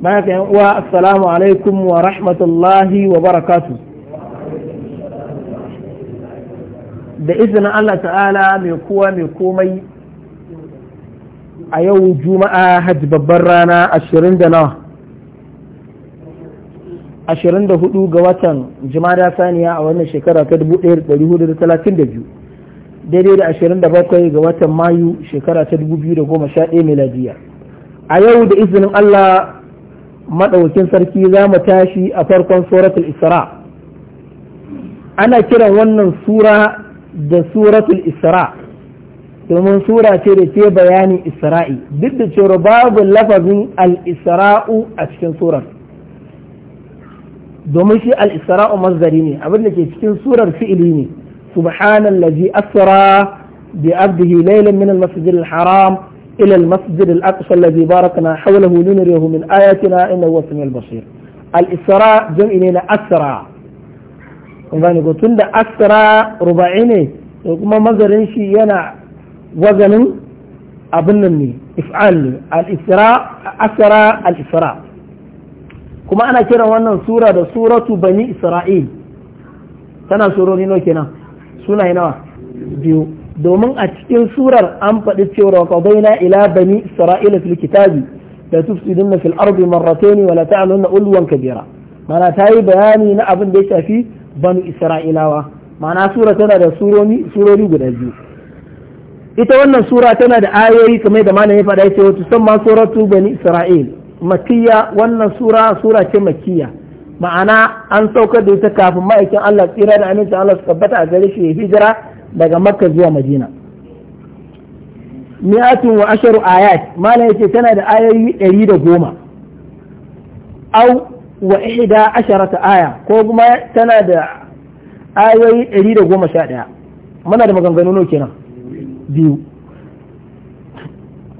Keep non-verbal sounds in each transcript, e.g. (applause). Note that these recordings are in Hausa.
bayan ka uwa assalamu alaikum wa rahmatullahi wa barakatu da izinin Allah ta'ala mai kowa mai komai a yau juma'a hajji babban rana ashirin da nawa ashirin da hudu ga watan jima'a saniya a wannan shekara ta dubu ɗaya da hudu da talatin da biyu daidai da ashirin da bakwai ga watan mayu shekara ta dubu biyu da goma sha ɗaya miladiya a yau da izinin Allah Madaukin sarki za mu tashi a farkon suratul isra ana kiran wannan sura da suratul isra domin sura ce da ke bayanin isra'i duk da cewa babu lafazin al-isra'u a cikin surar domin shi al-isra'u mazdari ne abin da ke cikin surar fi'ili ne subhanallazi asra bi abdihi laylan min al-masjidil haram إلى المسجد الأقصى الذي باركنا حوله لنريه من آياتنا إنه هو السميع البصير الإسراء جمع إلينا أسرى gane ko tunda asra ruba'i ne to kuma mazarin shi yana wazanin abin nan ne if'al al-isra asra kuma ana kiran wannan sura da suratu bani isra'il tana surori nawa kenan sunaye nawa biyu domin a cikin surar an faɗi cewar qadayna ila bani isra'ila fil kitabi la tufsiduna fil ardi marratayn wa la ta'luna ulwan kabira mana ta yi bayani na abin da ya shafi banu isra'ilawa mana sura tana da surori surori guda biyu ita wannan sura tana da ayoyi kamar da malamin faɗa yace wa tusamma suratu bani isra'il Makiya wannan sura sura ce makiya. ma'ana an saukar da ita kafin ma'aikin Allah tsira da aminci Allah su tabbata a gare shi hijira daga makka zuwa madina mi'atun wa asharu ayat mala yace tana da ayoyi ɗari da goma au wa ihda asharata aya ko kuma tana da ayoyi ɗari da goma sha ɗaya muna da maganganu nawa kenan biyu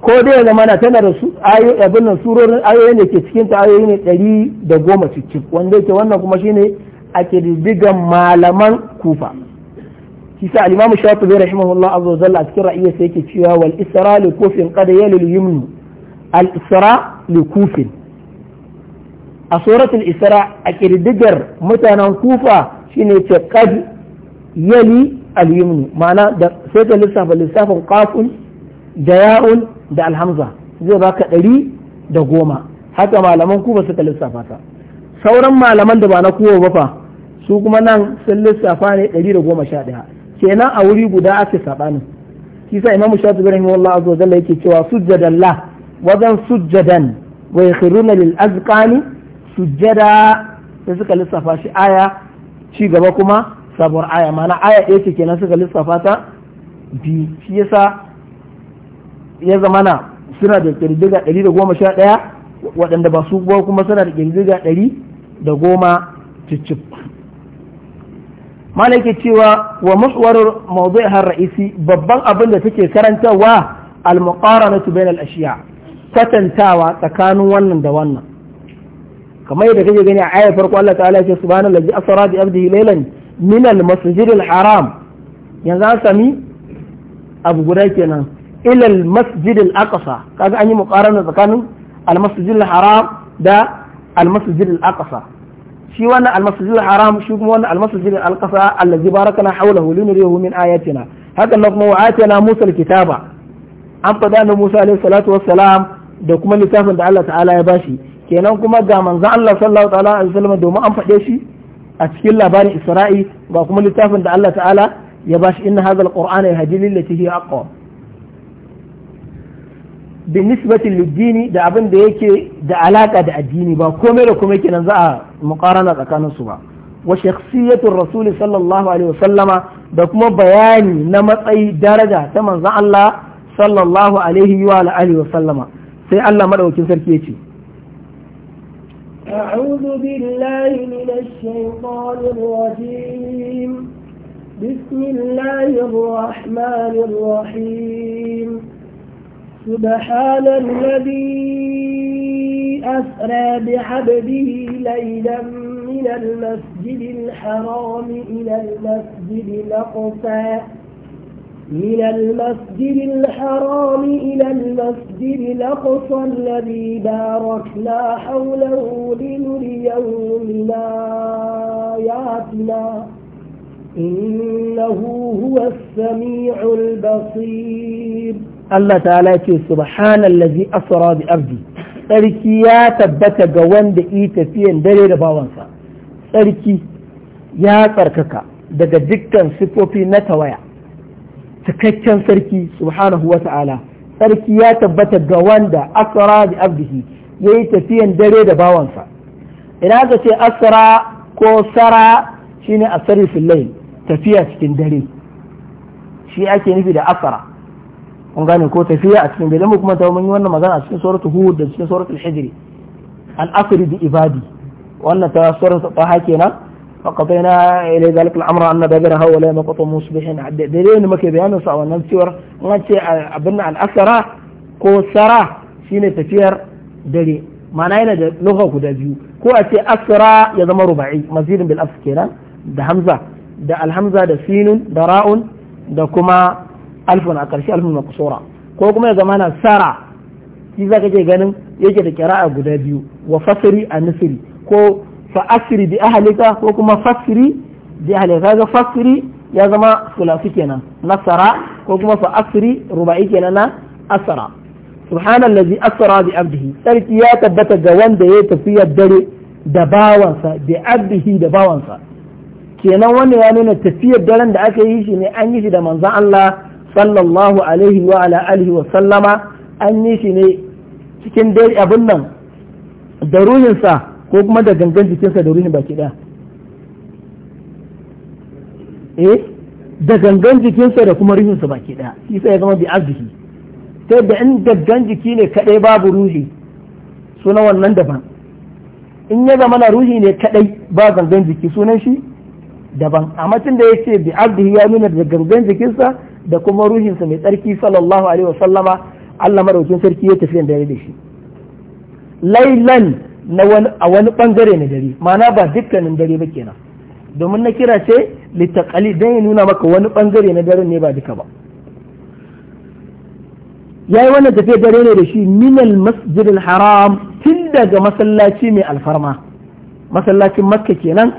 ko dai zama mana tana da ayoyi abin nan surorin ayoyi ne ke cikin ta ayoyi ne ɗari da goma cikin wanda yake wannan kuma shine a ƙididdigan malaman kufa shi sa al-Imam Shafi'i rahimahullah azza wa jalla a cikin yake cewa wal isra li kufin qad yalil yumni al isra li kufin a al isra a kirdigar mutanen kufa shine ce qad yali al yumni ma'ana da sai ka lissafa lissafin qafun da ya'un da alhamza zai baka ɗari da goma haka malaman kufa suka lissafa ta sauran malaman da ba na kuwa ba fa su kuma nan sun lissafa ne ɗari da goma sha ɗaya kenan a wuri guda ake sabanin kisa imamu shafi ibrahim wallah azu jalla yake cewa sujjadan la wajen sujjadan wa yakhruna lil azqani sujjada da suka lissafa shi aya ci gaba kuma sabuwar aya mana aya ɗaya ce kenan suka lissafa ta bi shi yasa ya zamana suna da kirdiga ɗari da goma sha ɗaya waɗanda ba su kuma suna da kirdiga ɗari da goma cicci malaki cewa wa muswarar mawdu'ihar ra'isi babban abin da take karantarwa al-muqaranatu bainal ashiya kwatantawa tsakanin wannan da wannan kamar yadda kake gani a ayar farko Allah ta'ala ce subhanal ladzi asra bi abdihi laylan min al-masjid al-haram yanzu an sami abu guda kenan ila al-masjid al-aqsa kaga an yi muqarana tsakanin al-masjid al-haram da al-masjid al-aqsa shi wannan almasjidil haram shi kuma wannan almasjidil alqasa allazi barakana hawlahu linuriyahu min ayatina hakan na kuma wa atina musa alkitaba an fada na musa alaihi salatu wassalam da kuma littafin da Allah ta'ala ya bashi kenan kuma ga manzon Allah sallallahu ta'ala alaihi wasallam domin an fade shi a cikin labarin Isra'i ga kuma littafin da Allah ta'ala ya bashi inna hadha alqur'ana yahdi lillati hiya aqwam bin nisbatin lijini da abin da yake da alaka da addini ba komai da komai kenan za a muqarana tsakanin su ba wa shakhsiyatur rasuli sallallahu alaihi wasallama da kuma bayani na matsayi daraja ta manzon Allah sallallahu alaihi wa alihi sai Allah madaukakin sarki ya ce أعوذ بالله من الشيطان الرجيم بسم الله الرحمن الرحيم سبحان الذي أسرى بعبده ليلا من المسجد الحرام إلى المسجد الأقصى من المسجد الحرام إلى المسجد الأقصى الذي باركنا حوله لنريه من آياتنا إنه هو السميع البصير Allah ta'ala ya ce subhanallazi asra bi abdi tsarki ya tabbata ga wanda yi tafiyan dare da bawansa tsarki ya tsarkaka daga dukkan sifofi na tawaya cikakken sarki subhanahu wa ta'ala sarki ya tabbata ga wanda asra bi abdihi ya yi tafiyan dare da bawansa ina ka ce asra ko sara shine asari fil tafiya cikin dare shi ake nufi da asra kun gane ko tafiya a cikin mu kuma ta mun yi wannan magana a cikin suratul hud da cikin suratul hijri al asri bi ibadi wannan ta suratul taha kenan fa qadaina ila zalika al amra anna dabira hawla ma qatum musbihin da dai ne muke bayanin sa wannan cewar an ce abin al asra ko sara shine tafiyar dare ma'ana yana da lugha guda biyu ko a ce asra ya zama ruba'i mazidin bil afs kenan da hamza da alhamza da sinun da ra'un da kuma alfun a ƙarshe alfun makusura ko kuma ya zama na sara shi za ka ke ganin yake da kira'a guda biyu wa fasiri a nufiri ko fa'asiri bi ahalika ko kuma fasiri bi ahalika ga fasiri ya zama sulasi kenan nasara ko kuma fa'asiri ruba'i kenan na asara subhanallazi asara bi abdihi sarki ya tabbata ga wanda ya tafiya dare da bawansa bi abdihi da bawansa kenan wannan ya nuna tafiyar daren da aka yi shi ne an yi shi da manzon Allah sallallahu alaihi wa ala alihi wa sallama an yi shi ne cikin dai abin nan da ruhinsa ko kuma da gangan jikinsa da ruhin baki ɗaya eh da gangan jikinsa da kuma ruhinsa baki da shi sai ya zama bi arziki ta yadda in gangan jiki ne kadai babu ruhi suna wannan daban in ya zama na ruhi ne kadai ba gangan jiki sunan shi daban amma tun da ya ce bi abdihi ya nuna da gangan jikinsa da kuma ruhinsa mai tsarki sallallahu alaihi wasallama Allah madaukin sarki ya tafi da da shi lailan na wani a wani bangare na dare ma'ana ba dukkanin dare ba kenan domin na kira ce litaqali dan ya nuna maka wani bangare na dare ne ba duka ba yayi wannan tafiya dare ne da shi minal masjidil haram tun daga masallaci mai alfarma masallacin makka kenan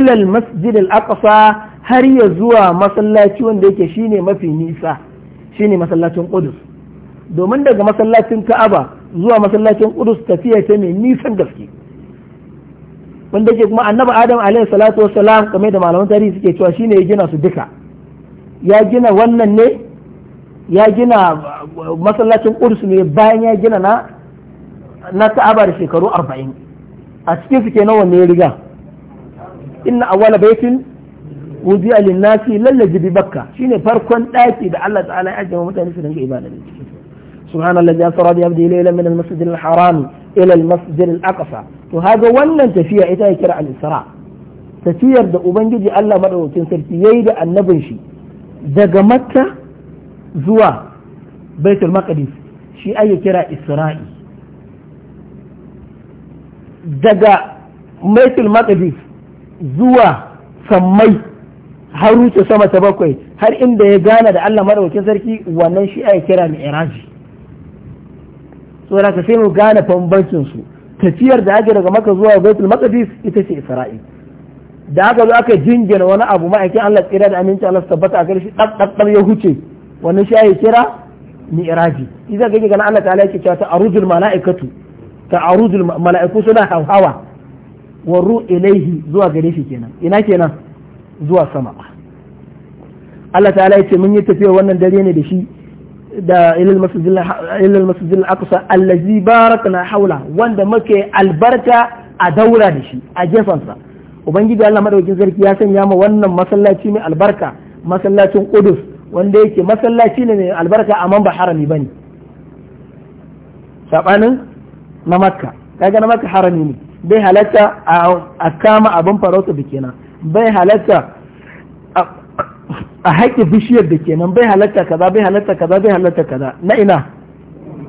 ilal masjidil aqsa har ya zuwa masallaci wanda yake shine mafi nisa shine masallacin Qudus domin daga masallacin Ka'aba zuwa masallacin Qudus tafiya ta mai nisan gaske wanda yake kuma annabi Adam alaihi salatu wassalam kamar da malaman tarihi suke cewa shine ya gina su duka ya gina wannan ne ya gina masallacin Qudus ne bayan ya gina na na Ka'aba da shekaru arba'in a cikin su kenan wanne ya riga inna awwala baitin wudi alin nasi lallaji bi bakka shine farkon ɗaki da Allah ta'ala ya ajiye mutane su dinga ibada da cikin subhanallahi asra bi abdi layla min al-masjid al-haram ila al-masjid al to haga wannan tafiya ita ya kira al-isra tafiyar da ubangiji Allah madaukakin sarki yayi da annabin shi daga makka zuwa baitul maqdis shi ake kira isra'i daga baitul maqdis zuwa sammai har wuce sama ta bakwai har inda ya gana da Allah madaukakin sarki wannan shi ya kira mi'raji saboda ka sai mu gane bambancin su tafiyar da ake daga maka zuwa baitul maqdis ita ce isra'il da aka zo aka jingina wani abu ma'aikin Allah tsira da aminci Allah tabbata a shi dak dak ya huce wannan shi ya kira mi'raji idan kake gana Allah ta'ala yake cewa ta arujul mala'ikatu ta arujul mala'iku suna hawa wa ru ilaihi zuwa gare shi kenan ina kenan zuwa sama Allah ta'ala ya ce mun yi tafiya wannan dare ne da shi da ilal masjidil aqsa allazi barakna haula wanda muke albarka a daura da shi a jefansa ubangiji Allah madaukakin sarki ya sanya ma wannan masallaci mai albarka masallacin Qudus wanda yake masallaci ne mai albarka amma ba harami bane sabanin na Makka kaga na Makka harami ne bai halatta a kama abin farauta bikina bai halatta a haƙe bishiyar da kenan bai halatta kaza bai halatta kaza bai halatta kaza na ina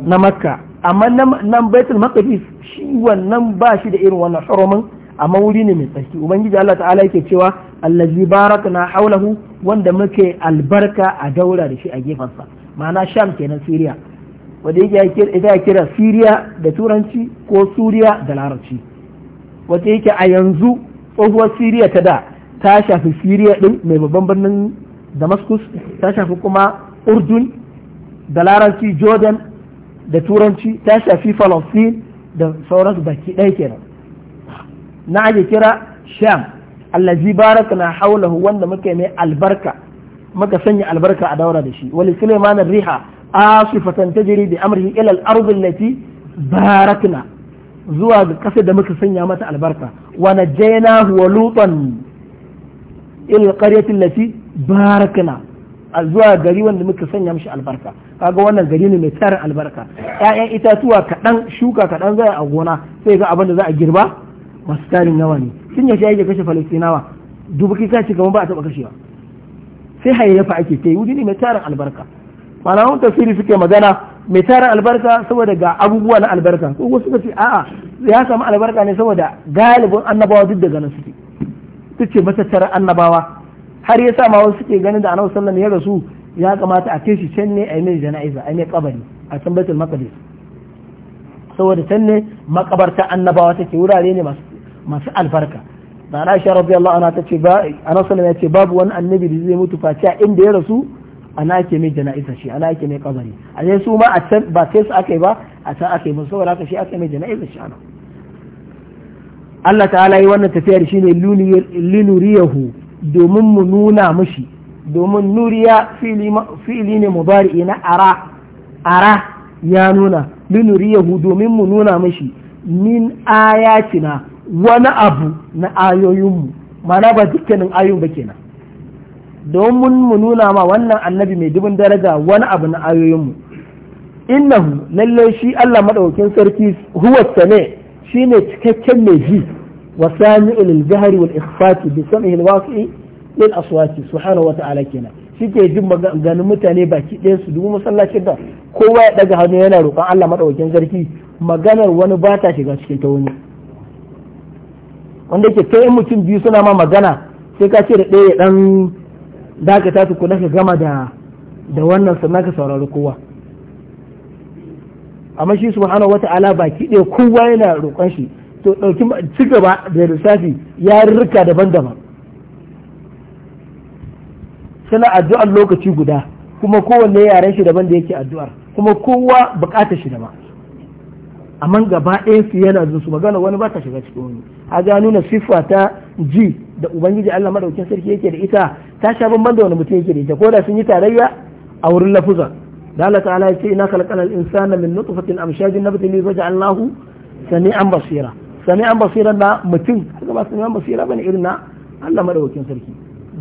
na makka amma nan baitul maqdis shi wannan ba shi da irin wannan hurumin amma wuri ne mai tsarki ubangiji Allah ta'ala yake cewa allazi barakna haulahu wanda muke albarka a daura da shi a sa" ma'ana sham kenan siriya wanda yake ita ya kira siriya da turanci ko suriya da larabci wata yake a yanzu tsohuwar siriya ta da ta shafi siriya din mai babban birnin damascus ta shafi kuma urdun da laranci jordan da turanci ta shafi falastin da sauransu baki ɗaya kenan na ake kira sham allazi baraka na haulahu wanda muka mai albarka muka sanya albarka a daura da shi wali suleiman riha asifatan tajri bi da ila al-ardi allati barakna zuwa ga ƙasar da muka sanya mata albarka wa najaynahu huwa lutan ila qaryati allati barakna zuwa gari wanda muka sanya mishi albarka kaga wannan gari ne mai tarin albarka ƴaƴan itatuwa kaɗan shuka kaɗan zai a gona sai ga abin da za a girba masu tarin yawa ne tun yaushe yake kashe falastinawa dubu kai ce kamar ba a taɓa kashewa sai hayayyafa ake ta yi wuri ne mai tarin albarka malaman tafsiri suke magana mai tara albarka saboda ga abubuwa na albarka ko wasu suka ce a'a ya samu albarka ne saboda galibin annabawa duk da ganin suke duk ce matattara annabawa har ya sa ma wasu suke ganin da annabi sallallahu ya rasu ya kamata a kai shi can ne a yi mai jana'iza a yi mai kabari a can baitul maqdis saboda can ne makabarta annabawa take wurare ne masu albarka da Aisha radiyallahu anha tace ba annabi sallallahu ya ce babu wani annabi da zai mutu face inda ya rasu ana ake mai jana'iza shi ana ake mai kabari a sai su ma a can ba sai su aka yi ba a can aka yi musu saboda haka shi aka mai jana'iza shi ana Allah ta'ala yi wannan tafiyar shi ne linuriyahu domin mu nuna mushi domin nuriya fili ne mubari ina ara ara ya nuna linuriyahu domin mu nuna mushi min ayatina wani abu na ayoyinmu mana ba dukkanin ayoyin ba kenan domin mu nuna ma wannan annabi mai dubin daraja wani abu na ayoyinmu innahu lalle shi Allah madaukakin sarki huwa sane shine cikakken mai ji wa sami'ul lil wal ikhfati bi sam'ihi al lil aswati subhanahu wa ta'ala kenan shike jin maganganun mutane baki ɗaya su dubu masallacin da kowa ya daga hannu yana roƙon Allah madaukakin sarki maganar wani ba ta shiga cikin ta wani wanda yake kai mutum biyu suna ma magana sai ka ce da ɗaya ya dan da ka ta tukuna ka gama da da wannan sannan ka saurari kowa amma shi subhanahu wata'ala baki ɗaya kowa yana roƙon shi to ɗauki ci gaba da lissafi ya rika daban-daban suna addu'ar lokaci guda kuma kowanne yaren shi daban da yake addu'ar kuma kowa buƙatar shi daban amma gaba ɗaya su yana zuwa su magana wani ba ta shiga cikin wani a ga nuna siffa ta ji da ubangiji Allah madaukin sarki yake da ita ta sha bamban da wani mutum yake da ita ko da sun yi tarayya a wurin lafuzan da Allah ta'ala ya ce ina khalaqana al-insana min nutfatin amshajin nabtali waja'alnahu sami'an basira sami'an basira na mutum kaga ba sami'an basira bane irin na Allah madaukin sarki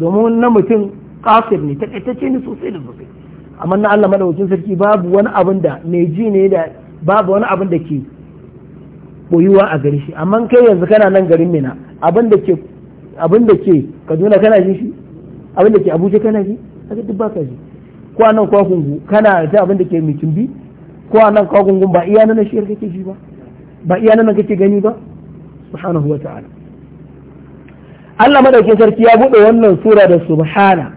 domin na mutum kafir ne ta takaitacce ne sosai da sosai amma na Allah madaukin sarki babu wani abin da mai ji ne da babu wani abin da ke boyuwa a gare shi amma kai yanzu kana nan garin mina abin da ke da ke Kaduna kana ji shi abin da ke Abuja kana ji haka duk baka ji ko anan kwakungu kana ta abin da ke bi? ko anan kwakungun ba iya nan shi kake ji ba ba iya nan kake gani ba subhanahu wa ta'ala Allah madaukin sarki ya bude wannan sura da subhana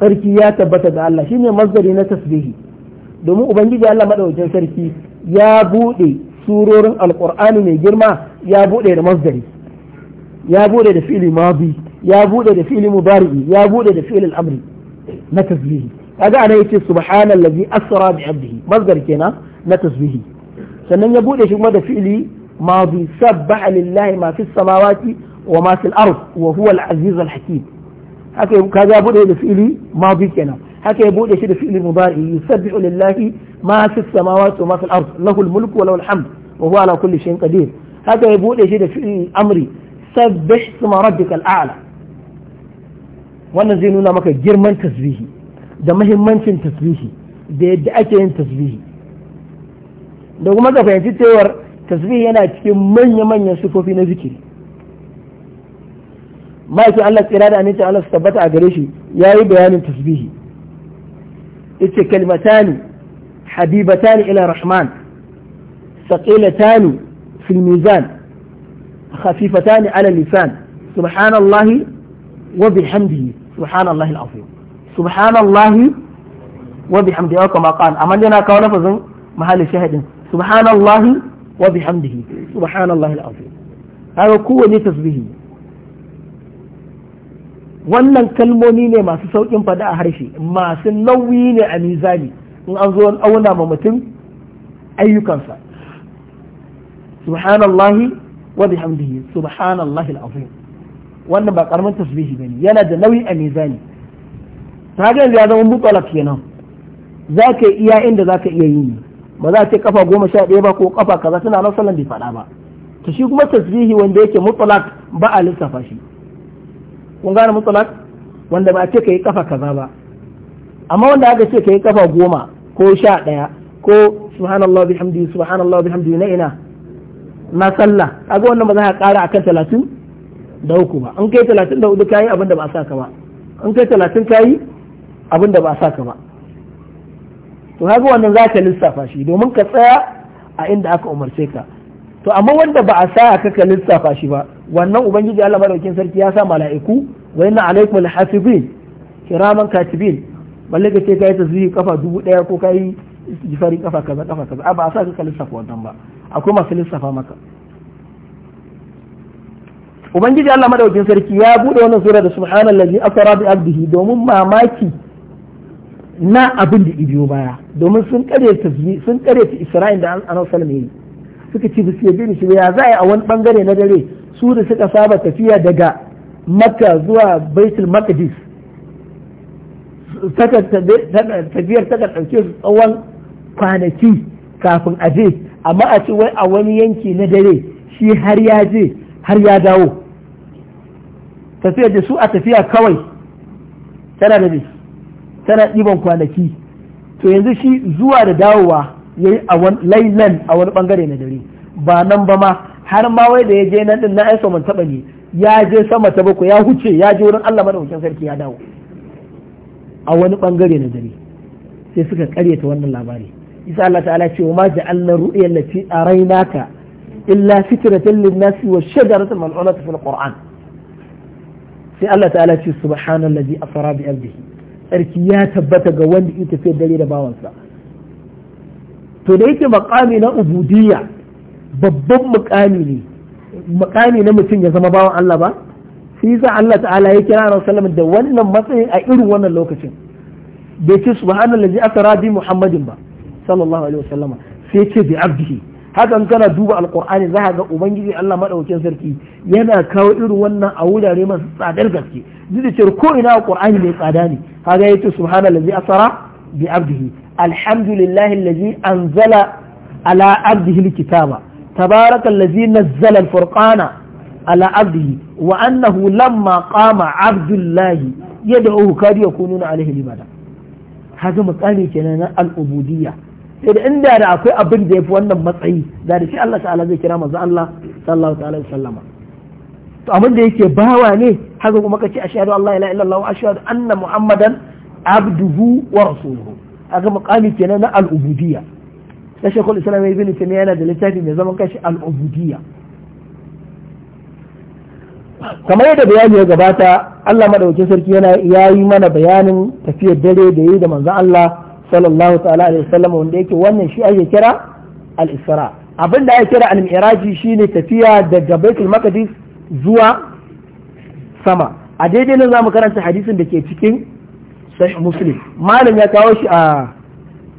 sarki ya tabbata ga Allah shine masdari na tasbihi domin ubangiji Allah madaukin sarki ya bude surorin alqur'ani mai girma ya bude da masdari ya bude da fi'li madi ya bude da fi'li mudari ya bude da fi'li al-amri na tasbihi kaga ana yace subhanallazi asra bi abdihi masdar kenan na tasbihi sannan ya bude shi kuma da fi'li mabi sabbaha lillahi ma fis samawati wa ma fil ard wa huwa al-aziz al-hakim haka kaga ya bude da fi'li mabi kenan haka ya bude shi da fi'li mubari yusabbihu lillahi ma fis samawati wa ma fil ard lahu al-mulku wa lahu al-hamd wa huwa ala kulli shay'in qadir haka ya bude shi da fi'li amri sabbih suma rabbikal a'la wannan zai nuna maka girman tasbihi da mahimmancin tasbihi da yadda ake yin tasbihi da kuma ka fahimci cewar tasbihi yana cikin manya-manyan sifofi na zikiri ma'aikin Allah tsira da amincin Allah su tabbata a gare shi ya yi bayanin tasbihi ita kalmatani habibatani ila rahman saqilatani fil mizan خفيفتان على اللسان سبحان الله وبحمده سبحان الله العظيم سبحان الله وبحمده كما قال أما لنا كون لفظ محل الشاهد سبحان الله وبحمده سبحان الله العظيم هذا قوة تسبيحه wannan kalmomi ne masu sauƙin faɗa a harshe masu nauyi ne a mizani in an zo an auna ma mutum ayyukansa subhanallahi wa bihamdihi subhanallahi alazim wannan ba karamin tasbihi bane yana da nauyi a mizani ta ga ya zama mutalaq kenan zaka iya inda zaka iya yi ba za ta kafa goma sha ɗaya ba ko kafa kaza tana na sallan bai faɗa ba to shi kuma tasbihi wanda yake mutlaq ba a lissafa shi kun gane mutlaq wanda ba a ce kai kafa kaza ba amma wanda aka ce kai kafa goma ko sha ɗaya ko subhanallah bihamdi subhanallah bihamdi na ina na sallah kaga wannan ba za ka a akan talatin da uku ba in kai talatin da hudu kayi abin da ba a saka ba in kai talatin kayi abin da ba a saka ba to kaga wannan za ka lissafa shi domin ka tsaya a inda aka umarce ka to amma wanda ba a sa ka ka lissafa shi ba wannan ubangiji Allah madaukakin sarki ya sa mala'iku wa inna alaikum alhasibin kiraman katibin balle ka ce kai tasbihi kafa dubu daya ko kai jifari kafa kaza kafa kaza ba a sa ka ka lissafa wannan ba akwai masu lissafa maka ubangiji Allah madaukin sarki ya bude wannan sura da subhanallazi asra bi abdihi domin mamaki na abin da ibiyo baya domin sun kare ta sun kare ta Isra'il da Annabi sallallahu alaihi suka ci bisu bin shi ya za a wani bangare na dare su da suka saba tafiya daga Makka zuwa Baitul Maqdis tafiyar ta ɗauke su tsawon kwanaki kafin aje amma a ce wai a wani yanki na dare shi har ya je har ya dawo tafiya da su a tafiya kawai tana da tana ɗiban kwanaki to yanzu shi zuwa da dawowa ya yi a wani lailan a wani bangare na dare ba nan ba ma har ma wai da ya je nan din na aiso man taba ne ya je sama ta bakwai ya huce ya je wurin Allah madaukakin sarki ya dawo a wani bangare na dare sai suka karyata wannan labari isa Allah ta'ala ce ma ja'alna ru'ya allati araynaka illa fitratan lin-nas wa shajaratan mal'unatan fil qur'an sai Allah ta'ala ce subhanallazi asra bi 'abdihi sarki ya tabbata ga wanda ya tafi dare da bawansa to da yake makami na ubudiyya babban mukami ne mukami na mutum ya zama bawan Allah ba sai yasa Allah ta'ala ya kira Annabi sallallahu da wannan matsayin a irin wannan lokacin bai ce subhanallazi asra bi muhammadin ba sallallahu alaihi wasallam sai ce bi abdihi hakan kana duba alqur'ani za ga ubangiji Allah madaukakin sarki yana kawo irin wannan a wurare masu tsadar gaske duk ko ina alqur'ani mai tsada ne kaga yace subhanallazi asara bi abdihi alhamdulillahi allazi anzala ala abdihi wa annahu lamma qama abdullahi yad'uhu kad yakununa alaihi kenan na al'ubudiyya sai da inda da akwai abin da ya fi wannan matsayi da da shi Allah ta'ala zai kira manzo Allah sallallahu ta'ala to abin da yake bawa ne haka kuma kace ashhadu an la ilaha illallah wa ashhadu anna muhammadan abduhu wa rasuluhu haka muqami kenan na al-ubudiyya da shekul islam ibn taymiya yana da littafi mai zaman kashi al-ubudiyya kamar yadda bayani ya gabata Allah madaukakin sarki yana yayi mana bayanin tafiyar dare da yi da manzo Allah sallallahu ta'ala alaihi sallam wanda yake wannan shi ake kira al-isra abin da ake kira al-miraji shine tafiya daga baitul maqdis zuwa sama a daidai nan zamu karanta hadisin da ke cikin sahih muslim malam ya kawo shi a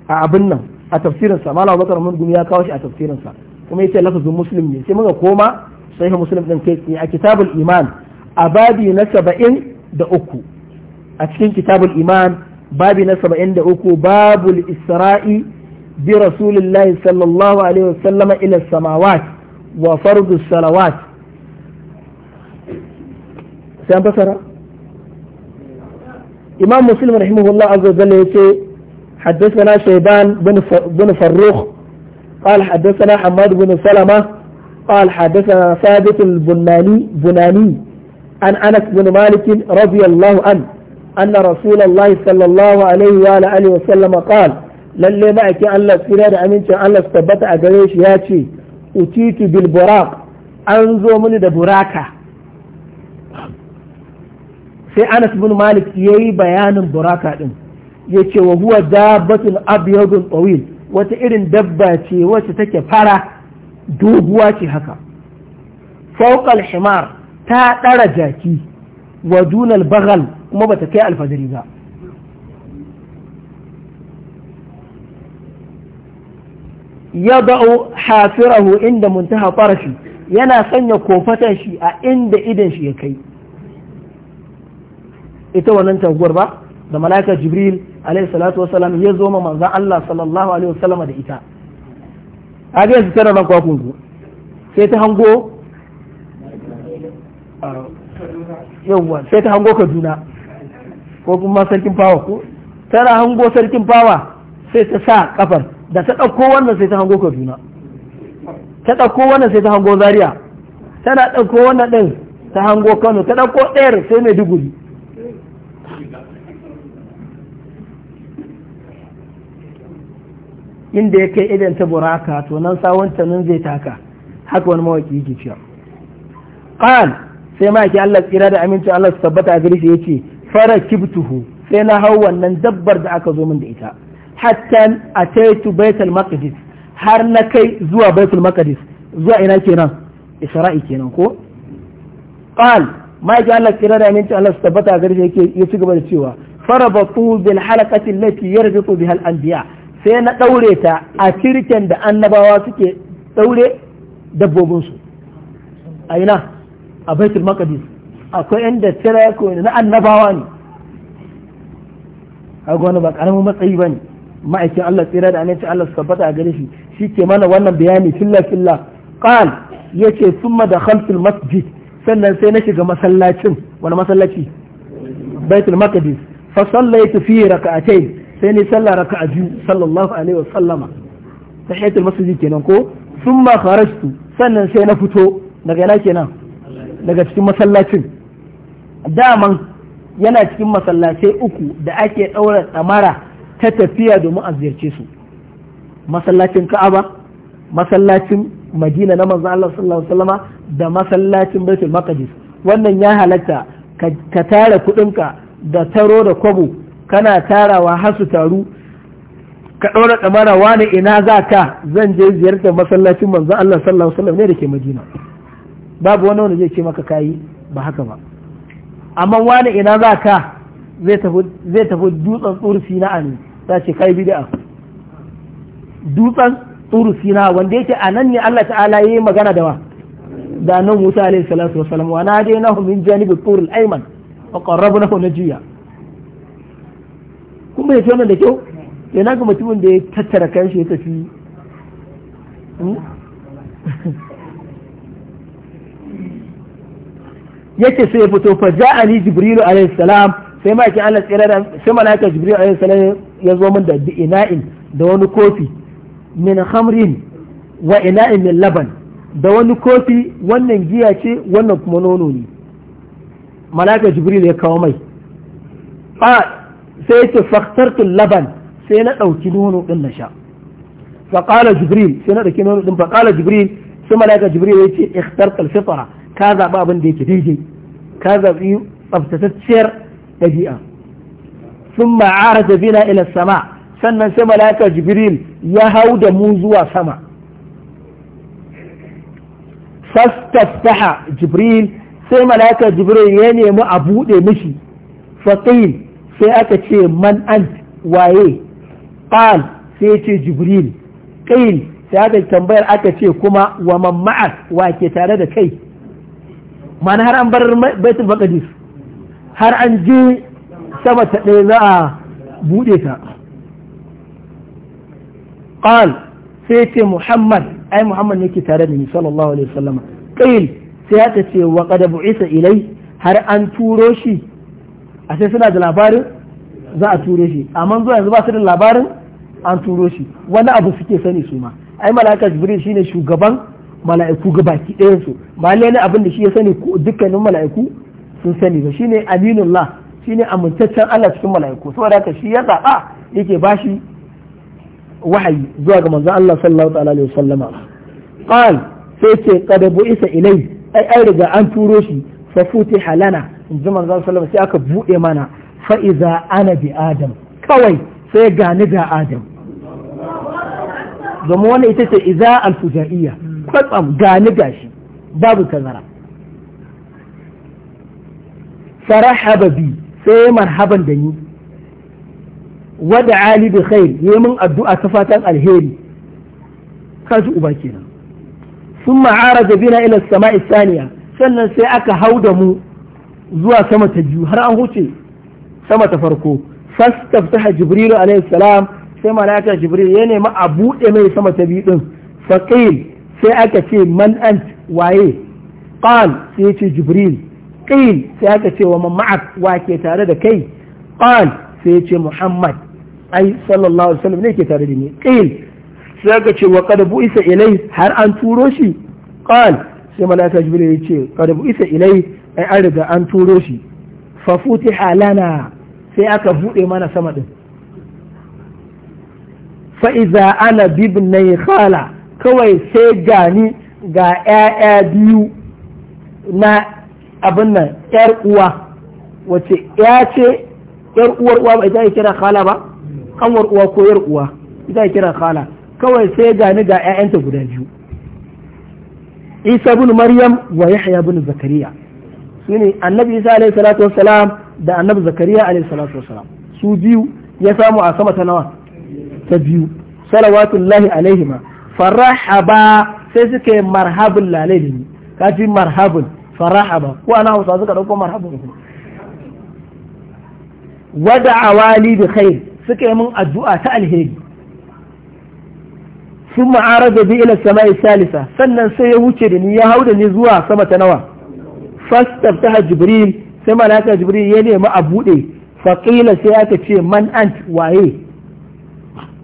abin nan a tafsirin sa malam Abubakar Mungumi ya kawo shi a tafsirin sa kuma yace lafazin muslim ne sai muka koma sahih muslim din kai a kitabul iman a babi na 73 a cikin kitabul iman babi na saba'in da uku babul isra'i bi rasulillahi sallallahu alaihi wasallama ila samawat wa fardu salawat sai an fasara imam muslim rahimahullah azza wa jalla yace حدثنا شيبان بن بن فروخ قال حدثنا حماد بن سلمة قال حدثنا ثابت البناني بناني عن أنس بن مالك رضي الله عنه أن رسول الله صلى الله عليه وآله وسلم قال lalle ma'aikin Allah tsira da amincin Allah tabbata a gare shi ya ce utitu bil an zo mini da buraka sai Anas bin Malik yayi bayanin buraka din yace wa huwa dabbatun abyadun tawil wata irin dabba ce wacce take fara doguwa ce haka fawqa al-himar ta ɗara jaki wa dunal bagal kuma bata kai alfajiri ba ya ba'u hafirahu inda muntaha farashi yana sanya kofatan shi a inda idan shi ya kai ita wannan taguwar ba da malaka jibril alaihi salatu wasalam ya zo ma manzan Allah sallallahu alaihi wasallam da ita a ga yanzu tana nan kwakun ku sai ta hango yawwa sai ta hango Kaduna ko kuma sarkin fawa ko tana hango sarkin fawa sai ta sa kafar da ta ɗauko wannan sai ta hango kaduna ta ɗauko wannan sai ta hango zaria tana ɗauko wannan ɗin ta hango kano ta ɗauko ɗayar sai mai duguri inda ya kai idan ta buraka to nan sawanta nan zai taka haka wani mawaki yake cewa qal sai ma ki Allah tsira da aminci Allah su tabbata a gare shi yake farakibtuhu sai na hau wannan dabbar da aka zo min da ita hatta taitu baitul maqdis har na kai zuwa baitul maqdis zuwa ina kenan isra'i kenan ko qal ma ji Allah kira da aminci Allah tabbata gare yake ya ci gaba da cewa farabatu bil halaqati allati yarbitu biha al anbiya sai na daure ta a cirken da annabawa suke daure dabbobinsu a ina a baitul maqdis akwai yan tsira ya koyi na annabawa ne a wani ba karamin matsayi ba ne ma'aikin Allah tsira da anayin Allah su tabbata a gare shi shi ke mana wannan bayani filla filla sun ma da khamsul masjid sannan sai na shiga masallacin wani masallaci baitul maqdis fa sallaitu fi rak'atayn sai ni sallah raka'a biyu sallallahu alaihi wa sallama tahiyatul masjid kenan ko summa kharajtu sannan sai na fito daga yana kenan daga cikin masallacin daman yana cikin masallacai uku da ake ɗaura tsamara ta tafiya domin a ziyarce su masallacin ka'aba masallacin madina na manzo Allah sallallahu alaihi wasallama da masallacin baitul maqdis wannan ya halatta ka tara kudinka da taro da kwabo kana tarawa har su taru ka ɗaura ɗamara wani ina za ka zan je ziyartar masallacin manzo Allah sallallahu alaihi wasallam ne da ke madina babu wani wanda zai ce maka kayi ba haka ba amma wani ina za ka zai tafi dutsen tsurufi na ani ta ce kai bid'a dutsen tsurufi na wanda yake a nan ne Allah ta'ala ya yi magana da wa da nan Musa alaihi salatu wasalam wa na nadainahu min janibi turul ayman wa qarrabnahu najiya kun bai wannan da kyau yana ga mutumin da ya tattara kanshi ya tafi hmm? yake sai ya fito fa ali jibrilu alaihi salam sai ma yake Allah tsira da sai malaika jibrilu alaihi salam ya zo min da ina'in da wani kofi min khamrin wa ina'in min laban da wani kofi wannan giya ce wannan kuma nono ne malaika jibril ya kawo mai a sai ya ce faktartu laban sai na ɗauki nono ɗin na sha faƙala jibril sai na ɗauki nono ɗin faƙala jibril sai malaika jibril ya ce ikhtarta alfitra ka zaɓi abin da yake daidai ka zaɓi tsaftatacciyar ɗabi'a sun ma'ara da bina ila sama sannan sai malakar jibril ya hau da mu zuwa sama fastaftaha jibril sai mala'ikar jibril ya nemi a buɗe mishi faqil sai aka ce man an waye ƙal sai ce jibril qil sai aka tambayar aka ce kuma wa man ma'ak wa ke tare da kai mana har an bar baitul maqdis har an je sama ta ɗaya za a buɗe ta qal sai ce muhammad ai muhammad yake ke tare da ni sallallahu alaihi wasallam qil sai ya ce wa qad bu'isa ilai har an turo shi a sai suna da labarin za a turo shi amma zuwa yanzu ba su da labarin an turo shi wani abu suke sani su ma ai malaka jibril shine shugaban mala'iku ga baki ɗayan su ba lalle abin da shi ya sani dukkanin mala'iku sun sani ba shine aminullah shine amintaccen Allah cikin mala'iku saboda haka shi ya zaba yake bashi wahayi zuwa ga manzon Allah sallallahu alaihi wasallama qal sai ce qad bu'isa ilai ai ai riga an turo shi fa futiha lana in ji manzon sallallahu sai aka bude mana fa iza ana bi adam kawai sai gani da adam domin wannan ita ce iza al kwatsam gani gashi babu tazara farahaba bi sai marhaban da ni wada ali bi khair yi min addu'a ta fatan alheri kaji uba kenan sun ma'araja bina ila sama'i saniya sannan sai aka hau da mu zuwa sama ta biyu har an huce sama ta farko fastaftaha jibrilu alaihi salam sai malaka jibril ya nemi a buɗe mai sama ta biyu din faqil sai aka ce man ant waye qal sai ce jibril qil sai aka ce wa man wa ke tare da kai qal sai ce muhammad ai sallallahu alaihi wasallam ne ke tare da ni qil sai aka ce wa qad bu'isa ilai har an turo shi qal sai malaika jibril ya ce qad bu'isa ilai ai an riga an turo shi fa futiha lana sai aka bude mana sama din fa iza ana bibnai khala kawai sai gani ga 'ya'ya biyu na abin nan 'yar uwa wace ya ce 'yar uwar uwa ba ita ake kira khala ba kanwar uwa ko 'yar uwa ita ake kira khala kawai sai gani ga 'ya'yanta guda biyu isa bin maryam wa yahya bin zakariya su ne annabi isa alaihi salatu wassalam da annabi zakariya alaihi salatu wassalam su biyu ya samu a sama ta nawa ta biyu salawatullahi alaihima farahaba sai suke yi marhabin lalai da ni kaji marhabin farahaba ko ana hausa suka ɗauko marhabin ku wada awali bi khair suke min addu'a ta alheri sun ma'arar da bi ila sama'i salisa sannan sai ya wuce da ni ya hau da ni zuwa sama ta nawa fastaf ta jibril sai malaka jibril ya nemi a buɗe faƙila sai aka ce man ant waye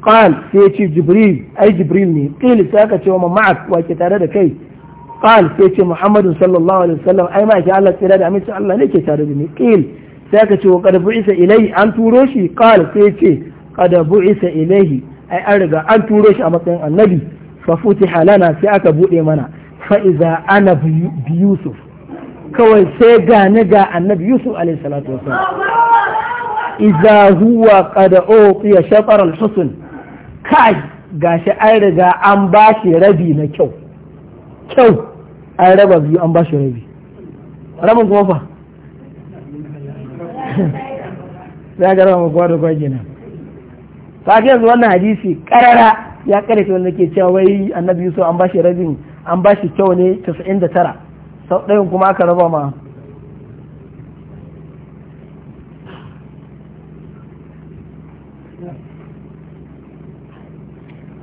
qal sai ce jibril ai jibril ne qil sai aka kai qal sai ce muhammadu sallallahu alaihi wasallam ai ma ke Allah an turo shi qal sai ce qad an riga an turo a matsayin annabi fa futiha lana sai aka bude mana fa iza yusuf kawai sai ga ni ga annabi yusuf alaihi salatu husn kai gashi an riga an ba shi rabi na kyau kyau an raba biyu an ba shi rabi rabin kuma fa (laughs) za ga raba kowa da na ta ke yanzu wannan hadisi karara ya kare shi wanda ke cewa wai annabi yusuf an ba shi rabin an ba shi kyau ne 99 sau ɗayan kuma aka raba ma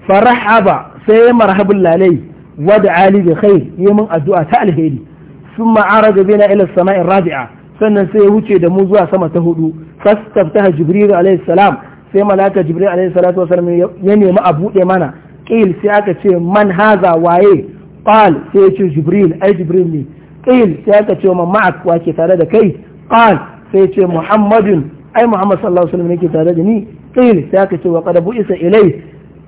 farahaba sai ya marhabin lalai wada ali bi khair yi min addu'a ta alheri sun ma'ara da bina ila sama'in rabi'a sannan sai ya wuce da mu zuwa sama ta hudu fastaftaha jibril alayhi salam sai malaka jibril alayhi salatu wasallam ya nemi a bude mana qil sai aka ce man haza waye qal sai ya ce jibril ai jibril ne qil sai aka ce man ma'ak wake tare da kai qal sai ya ce muhammadun ai muhammad sallallahu alaihi wasallam ke tare da ni qil sai aka ce wa qad bu'isa ilai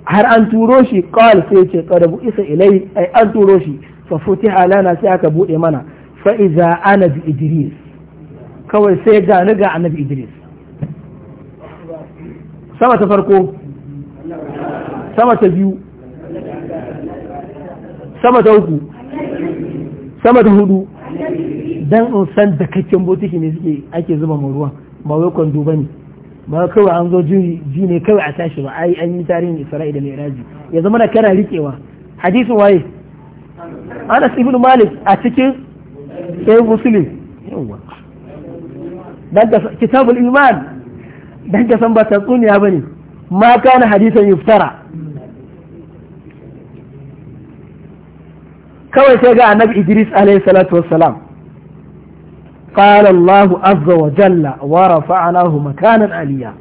har an turo shi qal sai ce qad isa ilai ai an turo shi fa futiha lana sai aka bude mana fa iza ana bi idris kawai sai ga ni ga annabi idris sama ta farko sama ta biyu sama ta uku sama ta hudu dan in san da kakken botiki ne suke ake zuba ruwan ba wai kwando bane ba kawai an zo ji ne kawai a tashi ba ai an yi tarihin isra'i da mi'raji ya zama da kana riƙewa hadisin waye anas ibn malik a cikin sai musulun yawa dan kitabul iman dan da san ba ta tsuniya bane ma kana hadisan yuftara kawai sai ga annabi idris alaihi salatu wassalam قال الله عز وجل ورفعناه مكانا عليا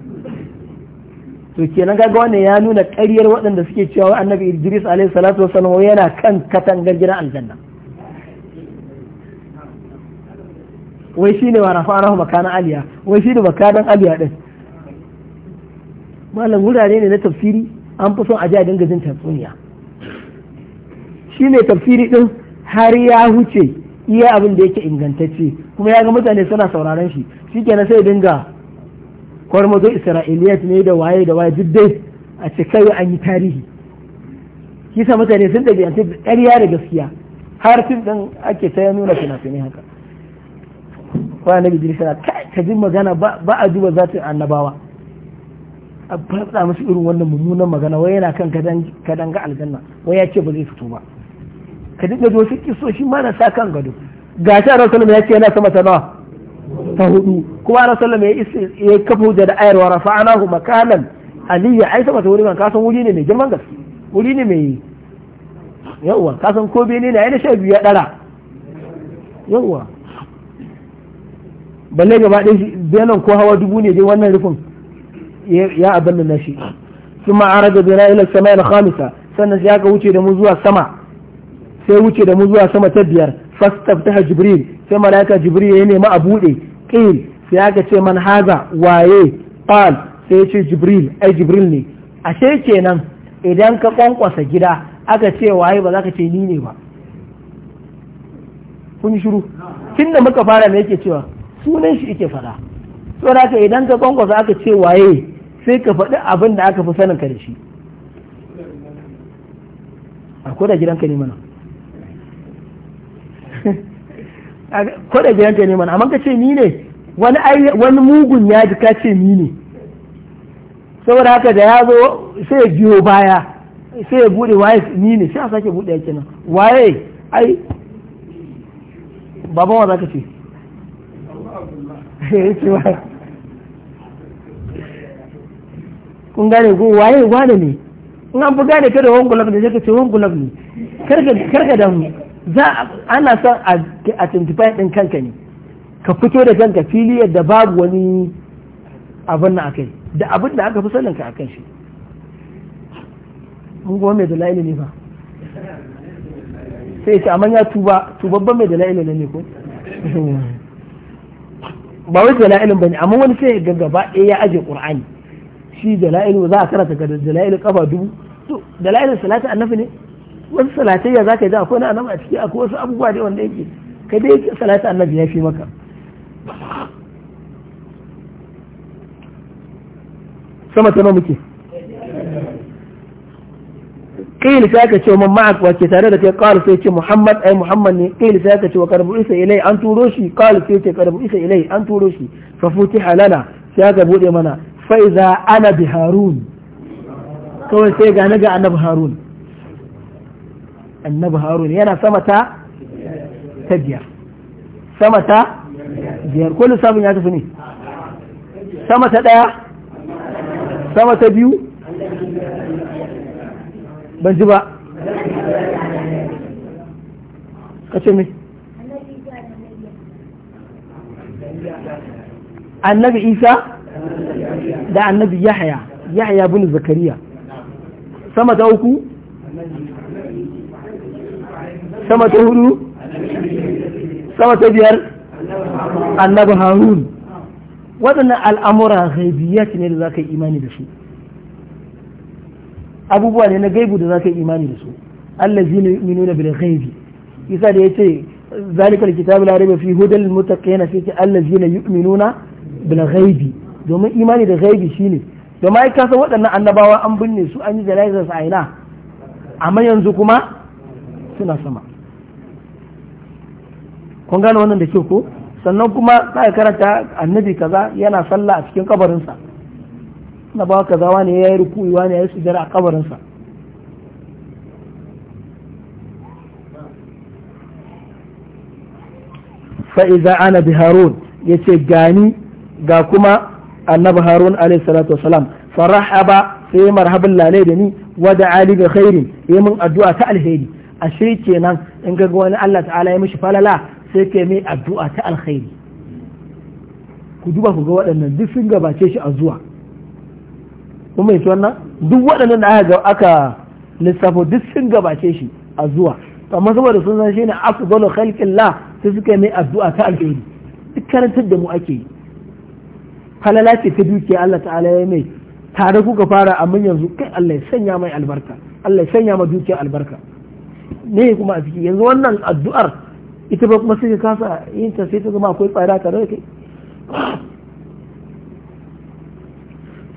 to kenan ga wannan ya nuna ƙaryar waɗanda suke cewa annabi Idris alaihi salatu wasallam yana kan katangar gidan aljanna wai shine wa rafa'ahu makanan aliya wai shine makanan aliya din malam wurare ne na tafsiri an fi son a ja dinga jin tatsuniya shine tafsiri din har ya huce iya abin da yake ingantacce kuma ya ga mutane suna sauraron shi shi shikenan sai dinga kwarmazo isra'iliyat ne da waye da waye duk dai a cikai an yi tarihi kisa mutane sun da da ƙarya da gaskiya har fim ɗin ake ta nuna fina-finai haka ko annabi Idris na ka ji magana ba a duba zatin annabawa a fasa musu irin wannan mummunan magana wai yana kan kadanga ga aljanna wai ya ce ba zai fito ba ka dinga jo shi na sa kan gado ga shi annabi sallallahu ya ce yana sama ta nawa ta hudu kuma annabi sallallahu ya ya kafa hujja da ayar wa rafa'anahu makanan aliyya ai sama ta wuri man kasan wuri ne mai girman gaske wuri ne mai yawwa kasan ko bene ne ai na sha biyu ya dara yawwa balle gaba ɗaya benin ko hawa dubu ne dai wannan rufin ya abin na shi da عرض بنا sama السماء khamisa sannan ya ga wuce da mu zuwa sama sai wuce da mu zuwa sama ta biyar fastaftaha jibril sai malaika jibril ya nemi a bude qil sai aka ce man haza waye qal sai ya ce jibril ai jibril ne a ce kenan idan ka kwankwasa gida aka ce waye ba za ka ce ni ne ba kun shiru tun da muka fara ne yake cewa sunan shi yake faɗa saboda haka idan ka kwankwasa aka ce waye sai ka faɗi abin da aka fi sanin ka da shi a da gidanka ne mana ko da gidanta ne mana amma ka ce ni ne wani mugun ya ji ka ce ni ne saboda haka da ya zo sai ya biyo baya sai ya bude waye ni ne sai a sake bude yake nan waye ai baban wa zaka ce eh, kun gane ko waye wane ne in an fi gane kada wani gulab ne zai ka ce wani ne karka damu za ana son a tintifai ɗin kanka ne ka fito da kanka fili yadda babu wani abin na akai da abin da aka fi sanin ka akan shi mun goma mai dalaili ne ba sai ce amma ya tuba tubabban mai dalaili ne ko (laughs) ba wai dalailin bane amma wani sai ga gaba eh ya aje qur'ani shi dalailu za a karanta ga dalailu kafa dubu to dalailin salati annabi ne wasu salatayya za ka yi akwai na nama a ciki akwai wasu abubuwa da wanda yake ka dai yake salata annabi ya fi maka sama ta muke kayi lisa ka ce man ma'a ke tare da kai qala sai ce muhammad ai muhammad ne kayi lisa ka ce wa karbu isa ilai an turo shi qala sai ce karbu isa ilai an turo shi fa futiha sai ka buɗe mana faiza iza ana bi harun kawai sai ga ga annabi harun annabi harun yana sama ta ta biyar sama ta biyar ko lissafin ya tafi ne sama ta ɗaya sama ta biyu ban ji ba kace me annabi isa da annabi yahya yahya bin zakariya sama ta uku sama ta hudu sama ta biyar annabi harun waɗannan al'amura ghaibiyat ne da za ka yi imani da su abubuwa ne na gaibu da za ka yi imani da su Allah allazi ne minuna bil ghaibi isa da ya yace zalika alkitabu la raiba fi hudal muttaqina fi allazi ne yu'minuna bil ghaibi domin imani da ghaibi shine domin ai kasa waɗannan annabawa an binne su an yi janaizar su a ina amma yanzu kuma suna sama kun gane wannan da ke ko sannan kuma za ka karanta annabi kaza yana sallah a cikin kabarinsa na ba kaza wani ya yi rukuyi wani ya yi jira a kabarinsa fa'iza ana bi harun ya ce gani ga kuma annabi harun alaihi salatu wasalam ba sai ya lalai da ni wada ali bi khairin yi min addu'a ta alheri ashe kenan in ga wani Allah ta'ala ya mishi falala sai ka mai addu'a ta alkhairi ku duba ku ga waɗannan duk sun gabace shi a zuwa kuma mai wannan duk waɗannan da aka aka lissafo duk sun gabace shi a zuwa amma saboda sun san shine afdalu khalqillah sai suka mai addu'a ta alkhairi duk karantar da mu ake yi halala ce ta dukiya Allah ta'ala ya mai tare kuka fara amma yanzu kai Allah ya sanya mai albarka Allah ya sanya ma dukiya albarka ne kuma a ciki yanzu wannan addu'ar ita ba kuma suka kasa yin ta sai ta zama akwai tsada tare da kai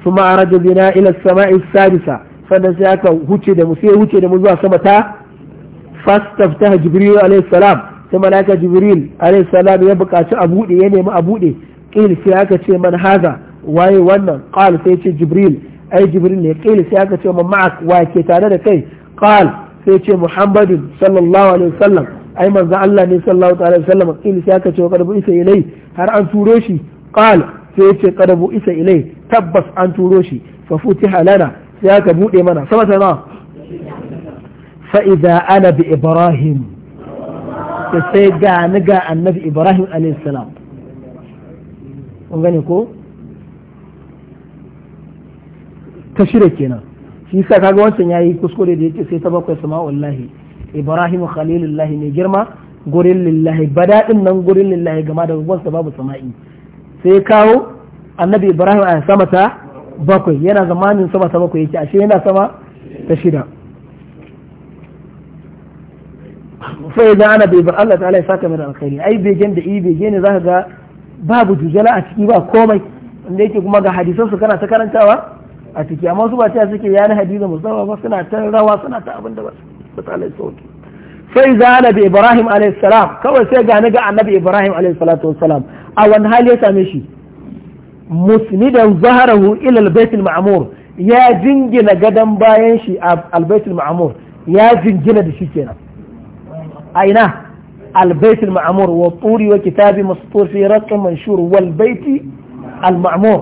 ثم أراد بنا إلى السماء السادسة فنسيك هوتي دمو سي هوتي دمو زوا سما تا فاستفتح جبريل عليه السلام ثم لك جبريل عليه السلام يبقى أبودي يعني ما أبودي قيل سياك من هذا واي وانا قال سيتي جبريل أي جبريل قيل سياك من معك واي كتانا كي قال سيتي محمد صلى الله عليه وسلم ai manzo Allah ne sallallahu ta'ala alaihi wasallam kila sai aka ce kada isa ilai har an turo shi qal sai ya ce kada isa ilai tabbas an turo shi fa futiha lana sai aka bude mana sama sama fa idza ana bi ibrahim sai ga ni ga annabi ibrahim alaihi salam kun gane ko ta shirya kenan shi sa kaga wancan yayi kuskure da yake sai ta bakwai sama'ullahi ibrahim khalilullah ne girma gurin lillahi badadin nan gurin lillahi gama da rubansa babu sama'i sai kawo annabi ibrahim a sama ta bakwai yana zamanin sama ta bakwai yake ashe yana sama ta shida sai da ana bai bar Allah ta'ala ya saka mai alkhairi ai bege da i bege ne zaka ga babu jujala a ciki ba komai inda yake kuma ga hadisan su kana ta karantawa a ciki amma su ba ta suke yana hadisan musamman ba suna ta rawa suna ta abin da ba su sai za na bi ibrahim alayhi salam kawai sai ga ga annabi ibrahim alayhi salatu wassalam a wani hali ya same shi musnidan zaharahu ila albayt alma'mur ya jingina gadan bayan shi a albayt alma'mur ya jingina da shi kenan a ina albayt alma'mur wa turi wa kitabi mastur fi raqam manshur wal bayt alma'mur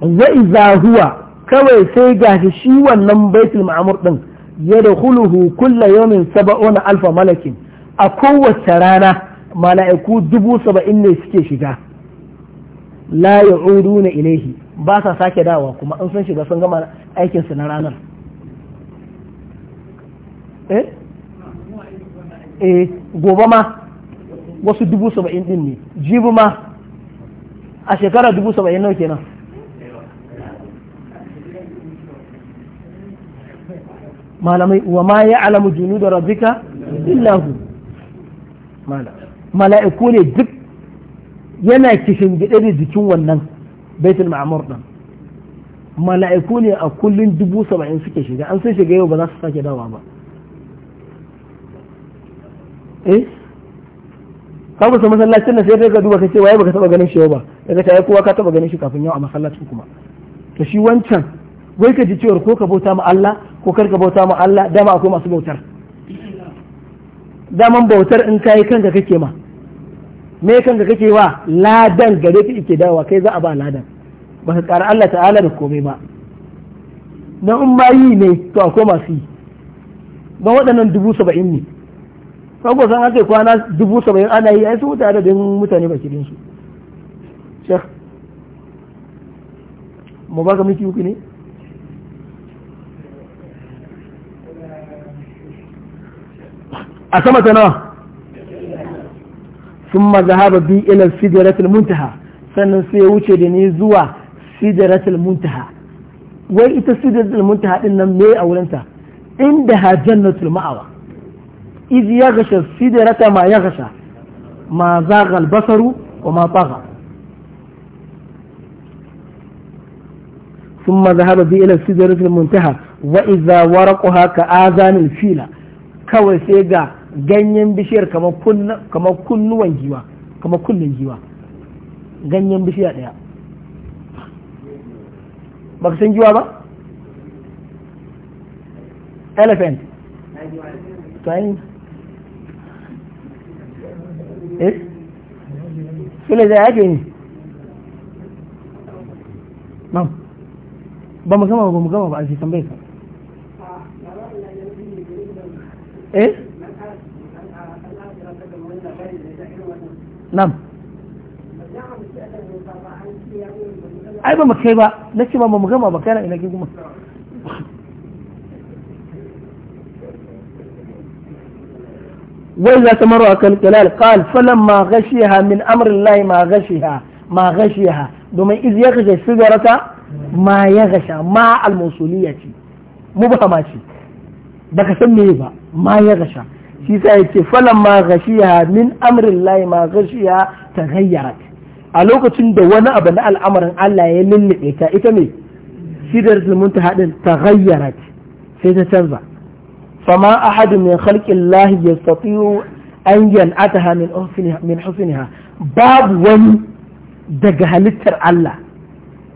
wa huwa kawai sai gashi shi wannan baitul ma'amur din ya da huluhu kulla yawmin saba'una alfa malakin a kowace rana mala'iku dubu saba'in ne suke shiga la ya'uduna ilaihi ba sa sake dawa kuma an san shiga sun gama aikin su na ranar eh eh gobe ma wasu dubu saba'in din ne jibi ma a shekara dubu saba'in nawa kenan malamai wa ma ya alamu junu da rabbika illahu mala'iku ne duk yana kishin gida da jikin wannan baitul ma'amur din mala'iku ne a kullun dubu saba'in suke shiga an sun shiga yau ba za su sake dawa ba eh ka kusa masallacin na sai ka duba ka ce waye baka taba ganin shi ba daga ta kowa ka taba ganin shi kafin yau a masallacin kuma to shi wancan wai ka ji cewar ko ka bauta ma Allah ko karka bauta ma Allah dama akwai masu bautar daman bautar in kayi kanka kake ma me kanka kake wa ladan gare ka ike dawa kai za a ba ladan ba ka ƙara Allah ta'ala da komai ba na in ma yi ne to akwai masu yi ba waɗannan dubu saba'in ne kago san aka kwana dubu saba'in ana yi ai su wuta da mutane ba kirin su shek mu baka miki uku ne a sama ta nawa sun mazahaba bi ilal sidiratul muntaha sannan sai ya wuce da ni zuwa sidiratul muntaha wai ita sidiratul muntaha din nan me a wurinta inda ha jannatul ma'awa iz ya gasha sidirata ma ya gasha ma zaga albasaru wa ma tagha ثم ذهب بي إلى السدرة المنتهى وإذا ورقها كآذان الفيلة كوي سيجا ganyen bishiyar kamar kunnuwan giwa kamar kunnen giwa ganyen bishiya ɗaya ba ka san giwa ba? elephant tsayin eh? sule zai ake ne ba mu gama ba mu gama ba a shi tambayi eh? nam ai ba kai ba na ce ba mu gama ina gima wai za ta maro a kan kalal falan ma gashiha min amrin lahi ma gashiha ma gashiha domin iz ya kashe sigarata ma ya gasha ma al-musuliyati mu ba ma ci baka san me ba ma ya gasha shi sa ce falan ma gashiya min amrin layi ma gashiya ta gayyara a lokacin da wani abu na al'amarin Allah ya lullube ta ita ne da zulmunta haɗin ta gayyara sai ta canza fama ahadu min khalqin lahi ya yastati'u an yan'ataha min min husniha babu wani daga halittar Allah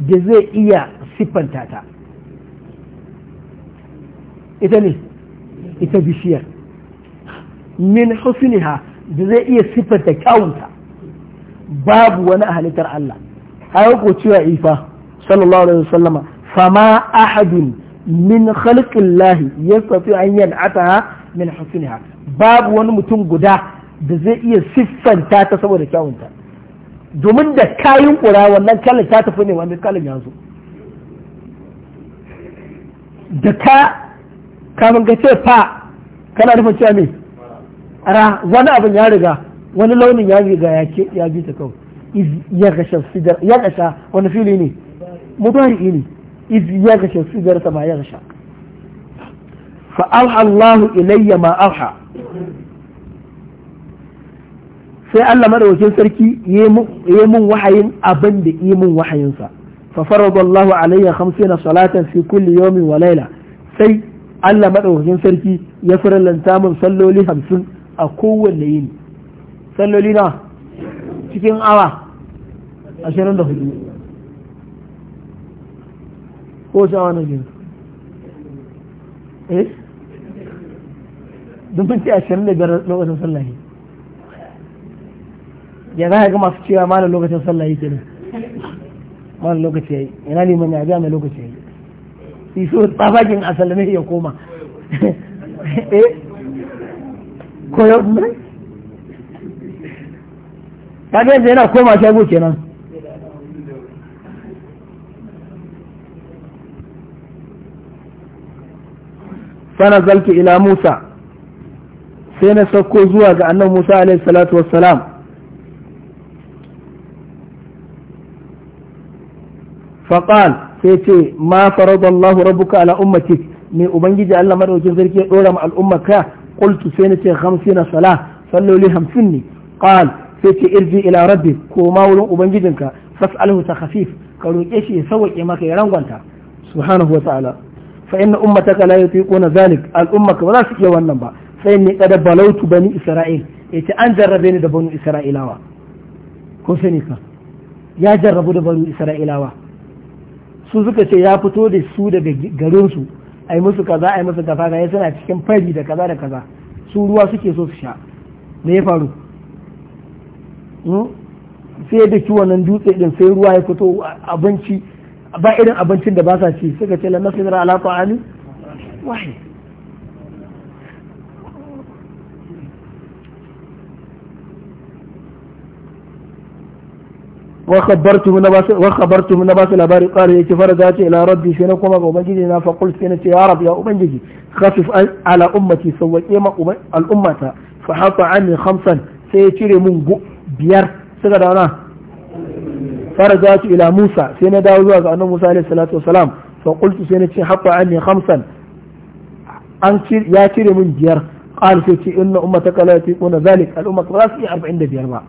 da zai iya siffanta ta ita ne ita bishiyar min husniha da zai iya siffata kyawunta babu wani a halittar Allah ayo ko cewa ifa sallallahu alaihi wasallam fama ahadun min khalqillahi yastati an yan'ataha min husniha babu wani mutum guda da zai iya siffanta ta saboda kyawunta domin da kayan kura wannan kalin ta tafi ne wani kalin ya zo da ka kamun ka ce fa kana nufin cewa me ra wani abin ya riga wani launin ya riga ya bi ta kawai iz ya gasha ya gasha wani fili ne mudari ne iz ya gasha sidar ta ma ya gasha fa alha Allah ilayya ma alha sai Allah madaukakin sarki yayi mun wahayin abin da yi mun wahayin sa fa farada Allah alayya 50 salatan fi kulli yawmin wa layla sai Allah madaukakin sarki ya farallanta mun salloli 50 a kowanne yin, salloli na cikin awa ashirin da hudu ko awa na biyu eh don ce ashirin da biyar lokacin sallah ya za ga masu cewa malam lokacin sallah ke ne malam lokaci yi yana neman ya biya mai lokaci ya yi so tsafakin asali ya koma (laughs) eh ko kaga yana koma shago kenan Sana zalki ila musa sai na sauko zuwa ga annan musa alaihi salatu wassalam faƙal sai ce ma faradallahu rabbuka ala ummatik ne ubangiji Allah madaukin sarki ya ɗora ma al'ummarka qultu sai nace 50 sala salloli hamsin ne qal sai ce irji ila rabbi koma ma wurin ubangijinka fas'alhu ta khafif ka roƙe shi ya sauke maka ya rangwanta subhanahu wa ta'ala fa inna ummataka la yutiquna zalik al'ummaka ba za su iya wannan ba sai ni kada balautu bani isra'il yace an jarrabe da isra'ilawa ya jarrabu da isra'ilawa su suka ce ya fito da su daga garinsu a yi musu kaza a yi musu kaza ga suna cikin fari da kaza da kaza su ruwa suke so su sha me ya faru hmm? sai da kiwon nan dutse din sai ruwa ya fito abinci ba irin abincin da ba sa ci suka ce da alaƙa ali wahai wa khabartu na basu wa khabartu na basu labari qala yake faraja ce ila rabbi sai na koma ga ubangiji fa qul sai na ce ya rabbi ya ubangiji khafif ala ummati sawwaqe ma al ummata fa hafa anni khamsan sai ya cire mun biyar suka da wana faraja ce ila musa sai na dawo zuwa ga annabi musa alaihi salatu wasalam fa qultu sai na ce ya cire biyar sai zalik su iya ba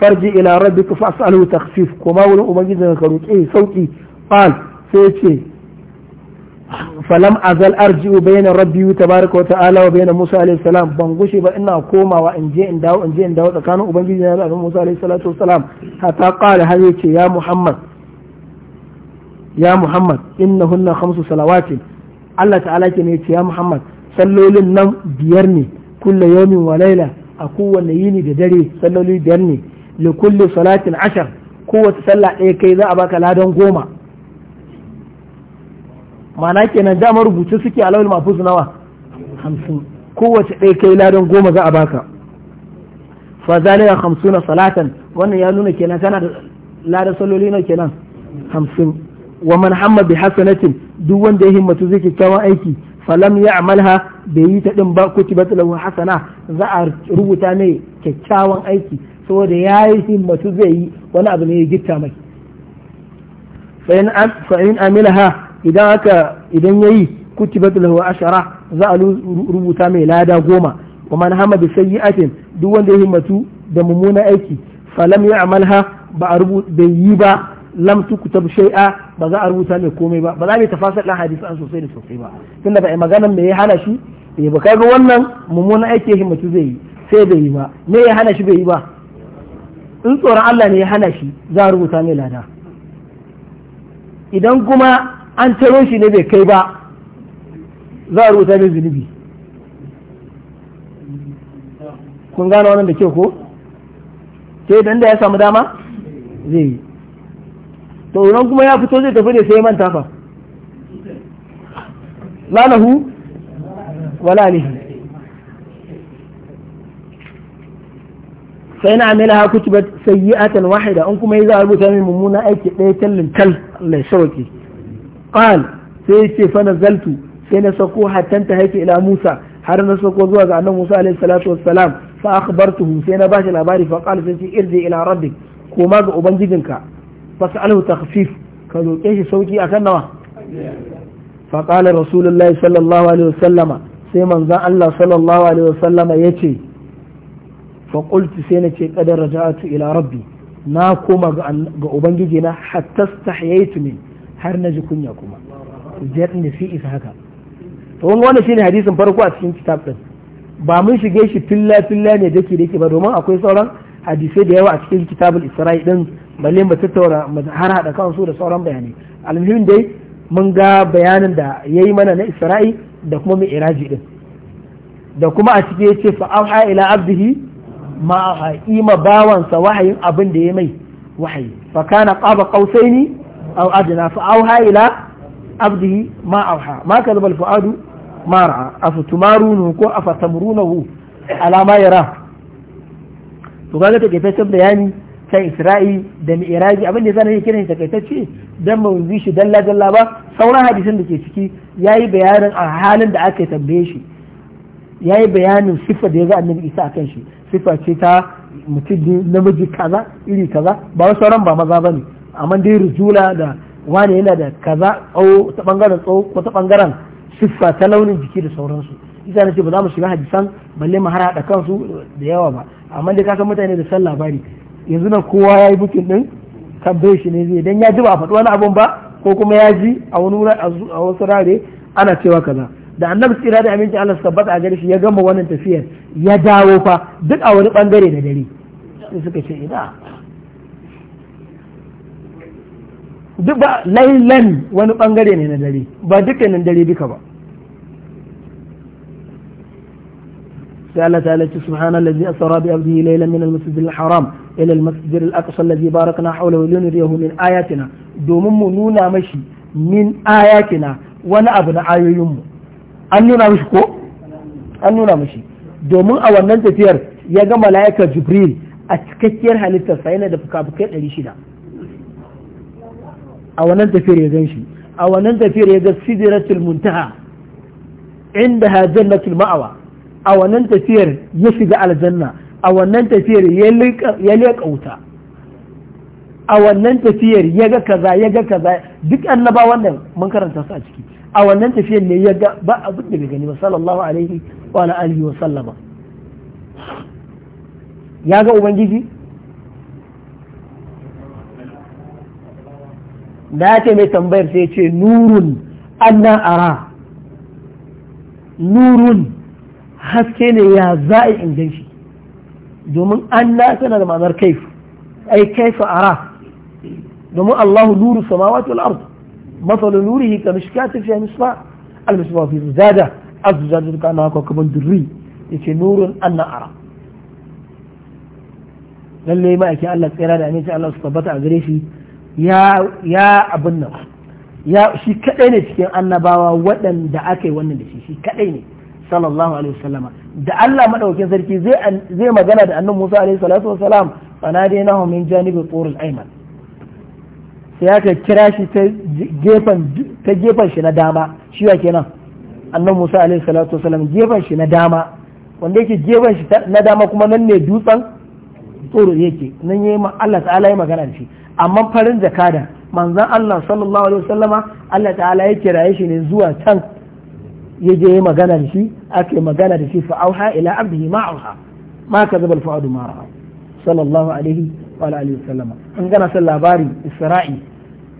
farji ila fa asalu takhfif kuma wurin ubangiji ka roƙe sauki qal sai ce falam azal arji'u bayna rabbi tabaaraka wa ta'ala wa bayna musa alayhi salam ban gushe ba ina komawa in je in dawo in je in dawo tsakanin ubangijin da musa alayhi salatu wa salam hatta qala har yace ya muhammad ya muhammad innahunna khamsu salawatin Allah ta'ala ke ne ya muhammad sallolin nan biyar ne kulle yawmin wa layla a kowanne yini da dare sallolin biyar ne li kulli salatin ashar kowace sallah ɗaya kai za a baka ladan goma mana kenan dama rubuce suke a lawal mafus nawa hamsin kowace ɗaya kai ladan goma za a baka fa zalika hamsuna salatan wannan ya nuna kenan kana da ladan salloli na kenan hamsin wa man hamma bi hasanatin duk wanda ya himmatu zai kyakkyawan aiki falam ya amalha bai yi ta ɗin ba kutibat lahu hasana za a rubuta ne kyakkyawan aiki da ya yi himmatu zai yi wani abu ne ya gitta mai fa'in ha idan aka idan yayi batula wa ashara za a rubuta mai lada goma wa man hama bi sayyi'atin duk wanda ya himmatu da mummuna aiki falam ya'malha ba a rubuta yi ba lam tukutab shay'a ba za a rubuta mai komai ba ba za a tafasir dan hadisi an sosai da sosai ba tunda ba ai maganar me ya hana shi eh ba ga wannan mummuna aiki ya himmatu zai yi sai bai yi ba me ya hana shi bai yi ba in tsoron Allah ne ya hana shi za a rubuta mai lada idan kuma an taro shi ne bai kai ba za a rubuta mai zunubi kun gano wannan da ke ko sai idan da ya samu dama zai yi to idan kuma ya fito zai tafi ne sai man fa lalahu wala alihi fa yana amila ha kutuba sayyi'atan wahida an kuma a rubuta min mummuna aiki ɗaya tallin tal Allah ya sauke qal sai yace fa nazaltu sai na sako hatta ta haike ila Musa har na sako zuwa ga annabi Musa alaihi salatu wassalam fa akhbartuhu sai na bashi labari fa qala sai ce irji ila rabbik koma ga ubangijinka fa sa'alahu takhfif ka roƙe shi sauki akan nawa fa qala rasulullahi sallallahu alaihi wasallama sai manzon Allah sallallahu alaihi wasallama yace fa qultu sai na ce qad ila rabbi na koma ga ubangiji na hatta stahyaitu min har na ji kunya kuma jar ne fi isa haka to wannan shine hadisin farko a cikin kitab din ba mun shige shi filla filla ne dake dake ba domin akwai sauran hadisai da yawa a cikin kitabul isra'i din balle mu tattaura har hada kansu da sauran bayanai alhamdulillah dai mun ga bayanin da yayi mana na isra'i da kuma mai iraji din da kuma a cikin yace fa ila abdihi ma ha'ima bawansa wahayin abin da ya mai wahayi fa kana qaba qausaini aw adna fa auha ila abdi ma auha ma kadhaba al fuadu ma ra'a ko afatamrunahu ala ma yara to kaga take tace bayani sai isra'i da mi'raji abin da zan yi kiran shi takaitacce dan ba mu shi dalla dalla ba sauran hadisin da ke ciki yayi bayanin a halin da ake tambaye shi yayi bayanin sifa da ya ga annabi Isa akan shi sifa ce ta mutum namiji kaza iri kaza ba wasu sauran ba maza bane amma dai rujula da wani yana da kaza tsawo ta bangaren tsawo ko ta bangaren siffa ta launin jiki da sauransu isa na ce ba za mu shiga hadisan balle mu hada kansu da yawa ba amma dai kasan mutane da san labari yanzu nan kowa ya yi bukin din tambaye shi ne zai dan ya ji ba a faɗi wani abun ba ko kuma ya ji a wani a wasu rare ana cewa kaza da annabi tsira da aminci Allah suka bata a gare shi ya gama wannan tafiyar ya dawo fa duk a wani bangare da dare sai suka ce ina duk ba lailan wani bangare ne na dare ba dukkanin dare duka ba sai Allah ta halarci subhana allazi asra bi abdihi laylan min al-masjid al-haram ila al-masjid al-aqsa allazi barakna hawlahu linuriyahu min ayatina domin mu nuna mashi min ayatina wani abu na ayoyinmu an nuna mishi ko an nuna mishi domin a wannan tafiyar ya ga mala'ikar jibril a cikakkiyar halittarsa yana da fuka-fukai ɗari shida a wannan tafiyar ya gan shi a wannan tafiyar ya ga sidiratul muntaha inda ha jannatul ma'awa a wannan tafiyar ya shiga aljanna a wannan tafiyar ya leƙa wuta a wannan tafiyar ya ga kaza ya ga kaza duk annaba wannan mun karanta su a ciki a wannan tafiyar ne ya ga ba abin da bai gani ba sallallahu alaihi wa alihi wa sallama ya ga ubangiji da ce mai tambayar sai ce nurun anna ara nurun haske ne ya za a in gan shi domin anna tana da ma'anar kaifu ai kaifa ara domin allahu nuru samawati wal ardu. مثل نوره كمشكات في المصباح المصباح في زادة الزجاجة كأنها كوكب دري يكي نور أن أرى للي ما يكي الله سيراد أن يكي الله سببت أغريفي يا يا أبنى يا شي كأيني تكي أن باوا ودن دعاكي ونن لشي شي كأيني صلى الله عليه وسلم دع الله مدعو كي زي, زي ما قلت أن موسى عليه الصلاة والسلام فنادينه من جانب الطور الأيمن sai aka kira shi ta gefen shi na dama shi ya kenan annan Musa alaihi salatu wasallam gefen shi na dama wanda yake gefen shi na dama kuma nan ne dutsen tsoro yake nan yayi Allah ta'ala ya magana da shi amma farin jakada manzon Allah sallallahu alaihi wasallama Allah ta'ala ya kiraye shi ne zuwa can ya je ya magana da shi aka magana da shi fa auha ila abdihi ma auha ma kadhaba al-fu'adu ma sallallahu alaihi wa alihi wasallam in kana son labari isra'i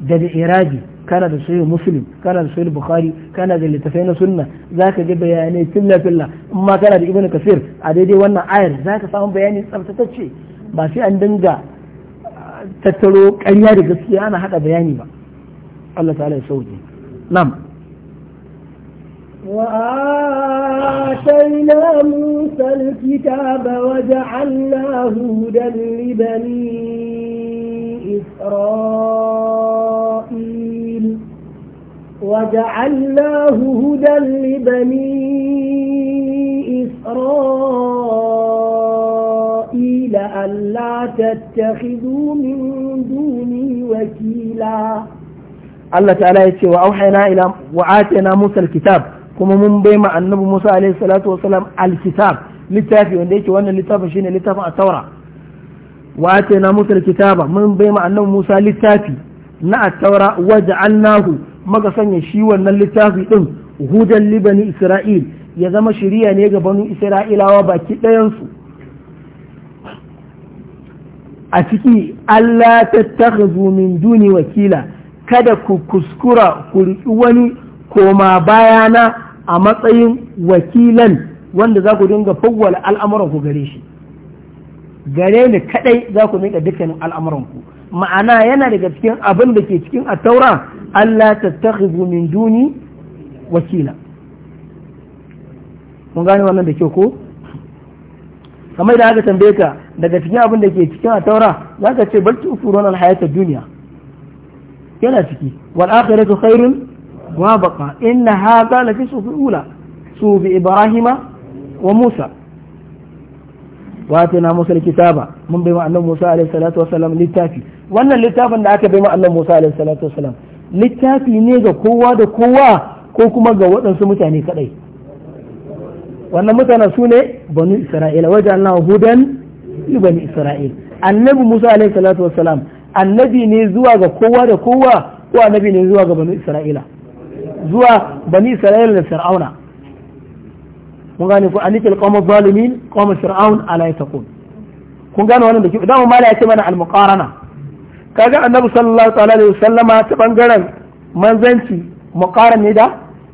da iraji kana da sahih muslim kana da sahih bukhari kana da littafai na sunna zaka ga bayanai filla filla amma kana da ibnu kasir a daidai wannan ayar zaka samu bayani tsaftatacce ba sai an dinga uh, tattaro ƙarya da gaskiya ana haɗa bayani ba Allah ta'ala ya sauke وآتينا موسى الكتاب وجعلناه هدى لبني إسرائيل وجعلناه هدى لبني إسرائيل ألا تتخذوا من دوني وكيلا الله تعالى يقول وأوحينا إلى وآتينا موسى الكتاب kuma mun bai ma annabi Musa alaihi salatu wasalam alkitab littafi wanda yake wannan littafin shine littafin at-taura wa atayna Musa kitaba? mun bai ma annabi Musa littafi na at-taura waja'alnahu maka sanya shi wannan littafi din hudan li bani Isra'il ya zama shiriya ne ga banu Isra'ilawa baki ɗayansu. su a ciki Allah tattakhzu min duni wakila kada ku kuskura ku riƙi wani koma bayana a matsayin wakilan wanda za ku dinga fawwala al'amuran ku gare shi gare ni kadai za ku miƙa dukkanin al'amuran ku ma'ana yana daga cikin abin da ke cikin taura Allah ta min duni wakila Kun gane wannan da ke ko kamar da aka tambaye ka daga cikin abin da ke cikin taura za ka ce bal tu'thiruna al-hayata dunya yana ciki wal akhiratu khairun وابقى إن هذا لفي صوف الأولى صوف إبراهيم وموسى واتنا موسى الكتاب من بما أن موسى عليه الصلاة والسلام للتافي وأن littafin da aka bima Allah Musa alaihi salatu wasalam littafi ne ga kowa da kowa ko kuma ga waɗansu mutane kadai wannan mutanen su ne banu isra'ila wajen Allah hudan li isra'il annabi Musa alaihi salatu wasalam annabi ne zuwa ga kowa da kowa ko annabi ne zuwa ga banu isra'ila zuwa bani isra'ila da fir'auna mun gane ku anikil qawma zalimin qawma fir'aun ala yatakun kun gane wannan da ke da mu ya ce mana al muqarana kaga annabi sallallahu alaihi wasallama ta bangaren manzanci muqaran ne da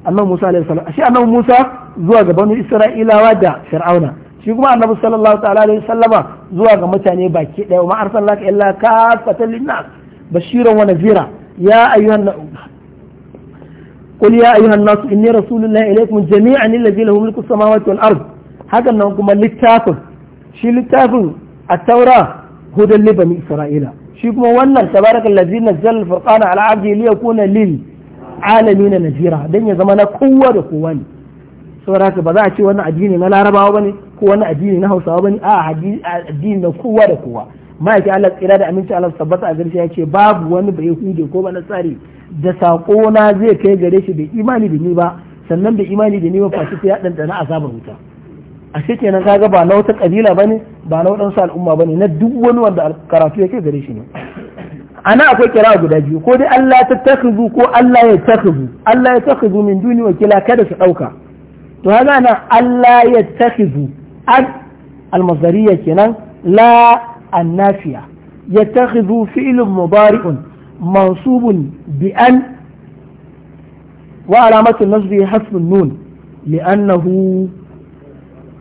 annabi Musa alaihi salam shi annabi Musa zuwa ga banu isra'ilawa da fir'auna shi kuma annabi sallallahu alaihi wasallama zuwa ga mutane baki daya ma arsalnaka illa kafatan linnas bashiran wa nazira ya ayyuhan qul ya ayyuhan nasu inni rasulullahi ilaykum jami'an alladhi lahu mulku samawati wal ard hakan nan kuma littafin shi littafin at-taura hudan li bani isra'ila shi kuma wannan tabarakal ladzi nazzala al-furqana ala 'abdihi liyakuna lil dan ya zama na kowa da kowa ne saboda haka ba za a ce wannan addini na larabawa bane ko wannan addini na hausawa bane a addini na kowa da kowa ma'aikin Allah tsira da aminci Allah tabbata a garshe ya ce babu wani bai hude ko ba na tsari da saƙo na zai kai gare shi bai imani da ni ba sannan bai imani da ni ba fashi ya ɗanɗana azabar wuta a shi kenan kaga ba na wata ƙabila bane ba na waɗansu al'umma bane na duk wani wanda karatu ya kai gare shi ne ana akwai kira guda biyu ko dai Allah ya takhuzu ko Allah ya takhuzu Allah ya takhuzu min duni wakila kada su ɗauka to haka nan Allah ya takhuzu ad al-masdariyya kenan la an-nafiya yattakhidhu fi'lun mudari'un منصوب بأن وعلامة النصب حذف النون لأنه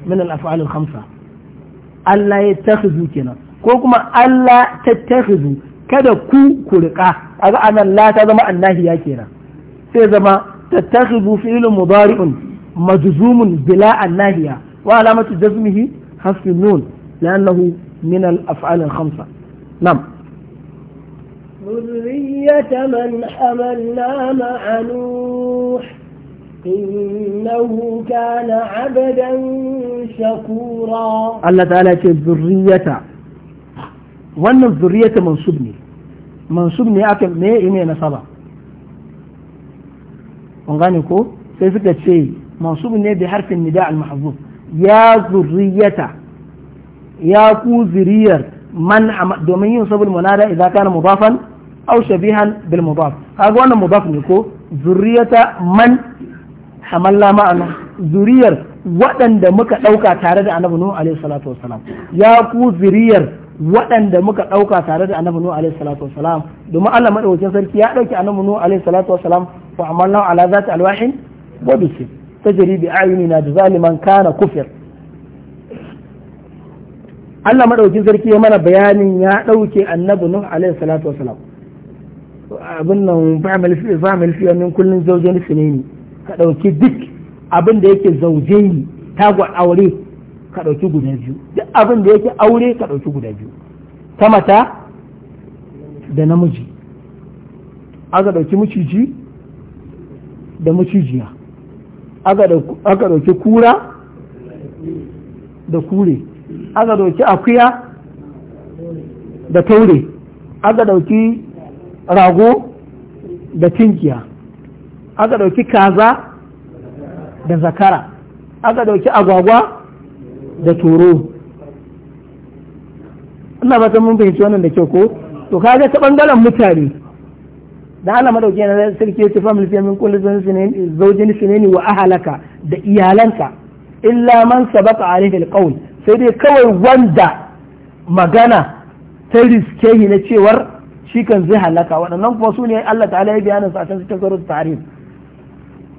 من الأفعال الخمسة ألا يتخذوا كنا كوكما ألا تتخذوا kada ku ku riƙa aga anan la ta zama annahiya kenan sai zama tattakhidhu fi'lun mudari'un majzumun bila annahiya wa alamatu jazmihi hasfun nun li'annahu min ذرية من حملنا مع نوح إنه كان عبدا شكورا الله تعالى يقول ذرية وأن الذرية منصبني منصبني أكل ما إني نصبا ونغانيكو فكرة شيء منصبني بحرف النداء المحظوظ يا ذرية يا كو ذرية man domin yin sabul munada idan kana mudafan aw shabihan bil mudaf kaga wannan mudaf ne ko zuriyata man hamalla ma'ana zuriyar waɗanda muka ɗauka tare da annabi nuhu alaihi salatu wassalam ya ku zuriyar waɗanda muka ɗauka tare da annabi nuhu alaihi salatu wassalam domin Allah madaukakin sarki ya ɗauki annabi nuhu alaihi salatu wassalam wa amalna ala zati alwahin wa bisi tajri bi ayunina da zaliman kana kufir Allah madaukin sarki ya mana bayanin ya dauke annabi nuh alaihi salatu wasalam abin nan ba mai fa'amil fi min kullin zawjayn ne. ka dauki duk abin da yake zaujeni tagwa aure ka dauki guda biyu duk abin da yake aure ka dauki guda biyu ta mata da namiji aka dauki miciji da macijiya aka dauki kura da kure aka dauki akuya da taure aka dauki rago da tinkiya aka dauki kaza da zakara aka dauki agwagwa da toro ina ba mun fahimci wannan da kyau ko to kaga ta bangaren mutane da ana madauki na sarki yace famil fiye min su zaujin sinani wa ahalaka da iyalanka illa man sabaka alaihi alqawl sai dai kawai wanda magana ta riske na cewar shi kan zai halaka waɗannan kuma su ne Allah ta'ala ya bayanin sa a can cikin surat tahrim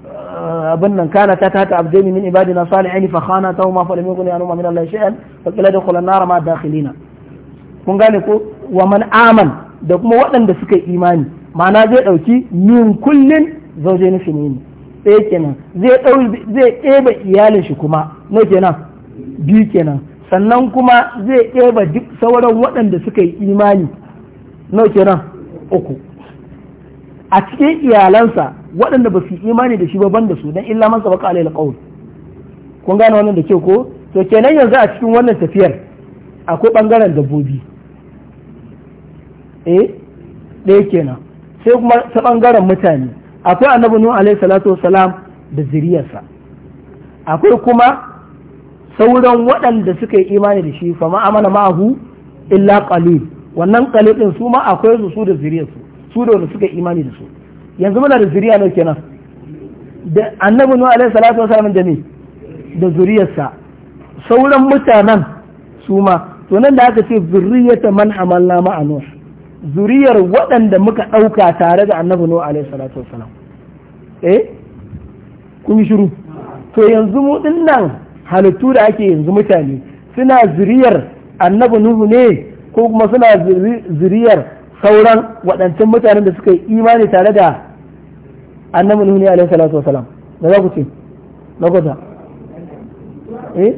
ah, abin nan kana ta tata abdaini min ibadina salihin fa khana ta ma fa lam yakun yanuma min Allah shay'an fa qila dakhulan nar ma dakhilina kun gane ko wa man aman da kuma waɗanda suka yi imani ma'ana zai ɗauki min kullin zaujaini finin ɗaya kenan zai ɗau zai ɗeba iyalin shi kuma na kenan biyu kenan sannan kuma zai ɗeba duk sauran waɗanda suka yi imani na kenan uku a cikin iyalansa waɗanda ba su yi imani da shi ba ban da su dan illa man sabaka alaihi alqaul kun gane wannan da kyau ko to kenan yanzu a cikin wannan tafiyar akwai bangaren dabbobi eh ɗaya kenan sai kuma ta bangaren mutane akwai annabi nuhu alaihi salatu wasalam da zuriyarsa akwai kuma sauran waɗanda suka yi imani da shi fa ma amana ma'ahu illa qalil wannan qalil din su ma akwai su su da zuriyarsu su da wanda suka yi imani da su yanzu muna da zuriya ne kenan da annabi nuhu alaihi salatu wasalam da ne da zuriyarsa sauran mutanen su ma to nan da aka ce zuriyata man hamalna ma'a nuhu zuriyar waɗanda muka ɗauka tare da annabi nuhu alaihi salatu wassalam eh kun yi shiru to yanzu mu dinnan halittu da ake yanzu mutane suna zuriyar annabi nuhu ne ko kuma suna zuriyar sauran waɗancan mutanen da suka yi imani tare da annabi nuhu ne alaihi salatu salam da za ku ce na kwata eh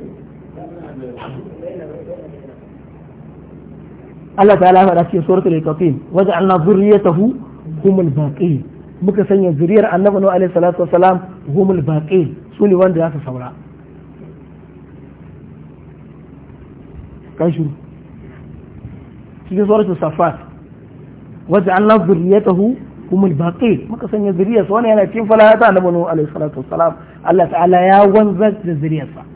Allah ta'ala ya da cikin suratul al-kafin waje Allah zurriyatahu humul baqi muka sanya zuriyar annabi nuhu alaihi salatu wasalam humul baqi su ne wanda za su saura kashu cikin suratul safat waje humul baqi muka sanya zuriyar yana cikin annabi nuhu alaihi salatu wasalam Allah ta'ala ya wanzar da zuriyarsa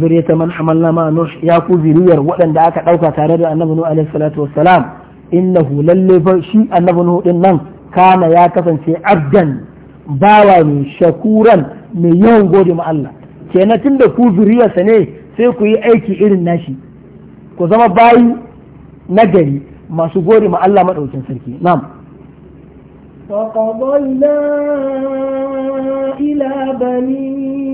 zuriyata man amalna ma nuh ya ku zuriyar waɗanda aka ɗauka tare da annabi nuh alaihi salatu wassalam innahu lalle fa shi annabi nuh din nan kana ya kasance abdan bawa ne shakuran mai yawan gode ma Allah kenan tunda ku zuriyarsa ne sai ku yi aiki irin nashi ku zama bayi nagari masu gode ma Allah madaukin sarki na'am فقضينا إلى بني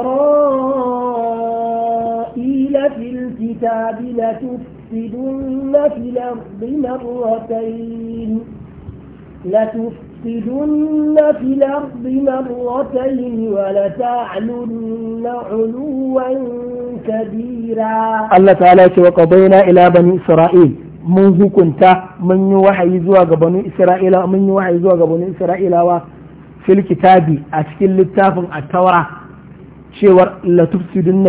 إسرائيل في الكتاب لتفسدن في الأرض مرتين لتفسدن في الأرض مرتين ولتعلن علوا كبيرا الله تعالى وقضينا إلى بني إسرائيل من كنت من يوحي زواج بني إسرائيل من يوحي زواج بني إسرائيل في الكتاب أشكل التافن التوراه cewar na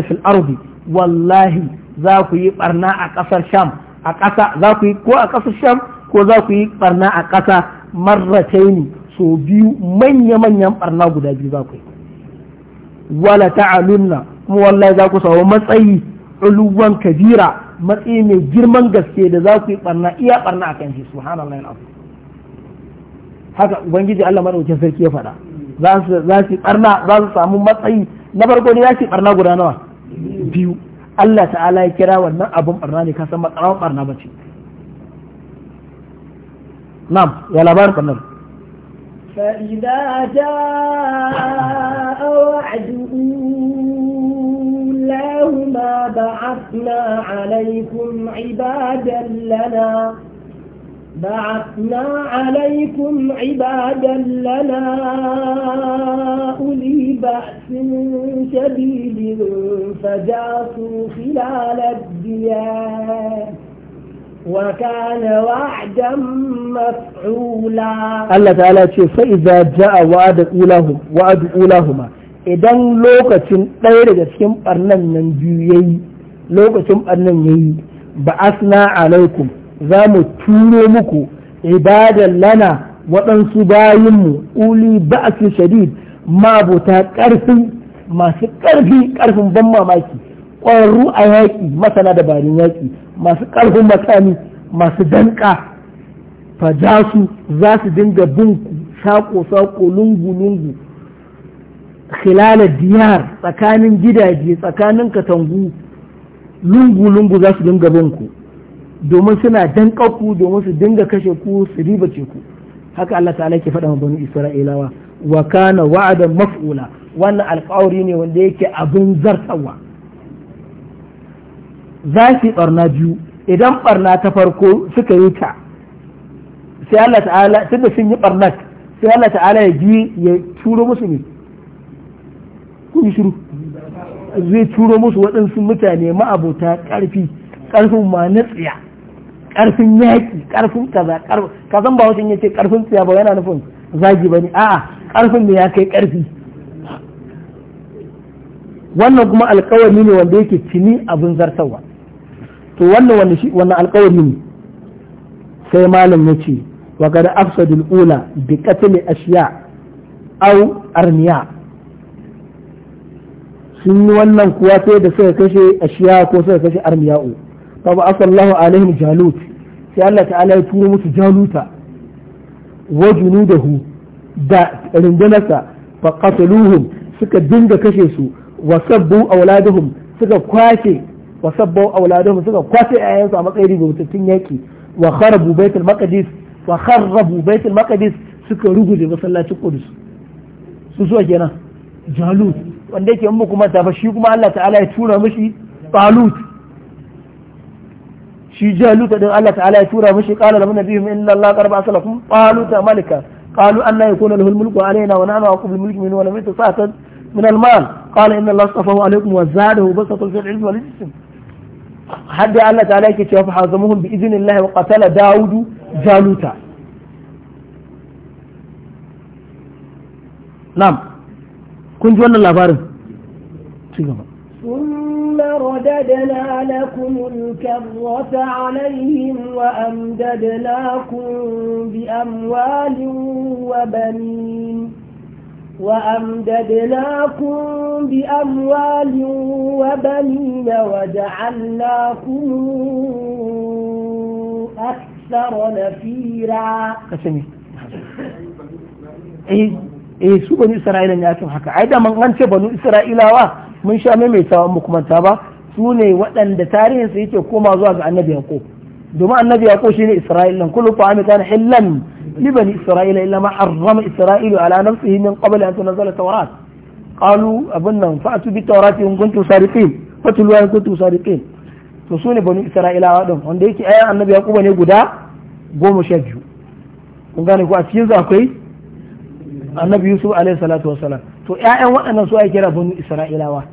fil ardi wallahi za ku yi barna a kasar sham a kasa za ku yi ko a kasar sham ko za ku yi barna a kasa marrataini so biyu manya manyan barna guda biyu za ku yi wala ta'alunna kuma wallahi za ku samu matsayi uluwan kabira matsayi mai girman gaske da za ku yi barna iya barna a kan shi subhanallah alazim haka ubangiji Allah madaukakin sarki ya faɗa za su barna za su samu matsayi na farko da ya ce barna guda nawa biyu Allah ta'ala ya kira wannan abun barna ne ka san matsawan barna ba ce na'am ya labarin barnar فإذا جاء وعد أولاهما بعثنا عليكم عبادا lana. بعثنا عليكم عبادا لنا أولي بأس شديد فجاسوا خلال الديار وكان وعدا مفعولا الله تعالى فإذا جاء وعد أولاهم وعد أولاهما idan lokacin ɗaya daga cikin ɓarnan nan biyu ya yi lokacin ɓarnan ya yi ba alaikum za mu turo muku ibadan lana waɗansu bayinmu uli ba'asu shadid mabuta ƙarfi masu ƙarfi ƙarfin ban mamaki ƙwararru a yaƙi masana dabarun yaƙi masu ƙarfin makami masu danƙa fa za su za su dinga bin shako saƙo lungu-lungu khilala diyar tsakanin gidaje tsakanin katangu lungu-lungu za su dinga bin ku domin suna ku, domin su dinga kashe ku su riba ce ku haka Allah ta'ala ke faɗa banu Isra'ilawa wa kana wa'adan maf'ula wannan alƙawari ne wanda yake abin zartawa za su barna biyu idan barna ta farko suka yi ta sai Allah ta'ala tunda sun yi barnat sai Allah ta'ala ya ji ya turo musu ne kun shiru zai turo musu waɗansu mutane ma'abota ƙarfi ƙarfin ma na tsiya karfin yaƙi karfin kaza ka san ba wasu yace karfin tsiya ba yana nufin zagi bane a'a karfin ne ya kai karfi wannan kuma alkawari ne wanda yake cini abin zartarwa to wannan wanda shi wannan alkawari ne sai malam ya ce wa kada afsadul ula bi qatl ashiya au arniya sun yi wannan kuwa sai da suka kashe ashiya ko suka kashe arniya'u fa ba asallahu alaihim jalut sai Allah ta'ala ya turo musu jaluta wa junudahu da rundunarsa fa qataluhum suka dinga kashe su wa sabbu auladuhum suka kwace wa sabbu auladuhum suka kwace ayyansu a matsayin rubutattun yaki wa kharabu baitul maqdis wa kharrabu baitul maqdis suka ruguje masallacin Qudus su zuwa kenan jalut wanda yake in kuma ta fa shi kuma Allah ta'ala ya tura mishi talut shi jaluta din Allah ta'ala ya tura mishi qala lahu nabiyyu inna Allah qad ba'atha lakum taluta malika قالوا أن يكون له الملك علينا ونحن أقوم بالملك منه ولم يتساعد من المال قال إن الله اصطفاه عليكم وزاده بسط في العلم والجسم حد الله تعالى كتاب حازمهم بإذن الله وقتل داود جالوتا نعم كنت وانا labarin ci gaba ورددنا لكم الكرة عليهم وأمددناكم بأموال وبنين وأمددناكم بأموال وبنين وجعلناكم أكثر نفيرا إيه eh بني إسرائيل يا ne عيدا من ai da إسرائيل وا من banu isra'ilawa mun sha maimaitawa su ne waɗanda tarihinsu yake koma zuwa ga annabi yaƙo domin annabi yaƙo shi ne kullum fa amita na hillan li bani isra'ila illa ma harrama isra'ilu ala nafsihi min qabli an tunzala tawrat qalu abunnan fa'tu bi tawrati in kuntum sadiqin fatlu in kuntum ƙin, to su ne bani isra'ilawa din wanda yake ayan annabi yaƙo ne guda goma sha biyu kun gane ko a cikin su akwai annabi yusuf alaihi salatu wassalam to ƴaƴan waɗannan su ake kira bani isra'ilawa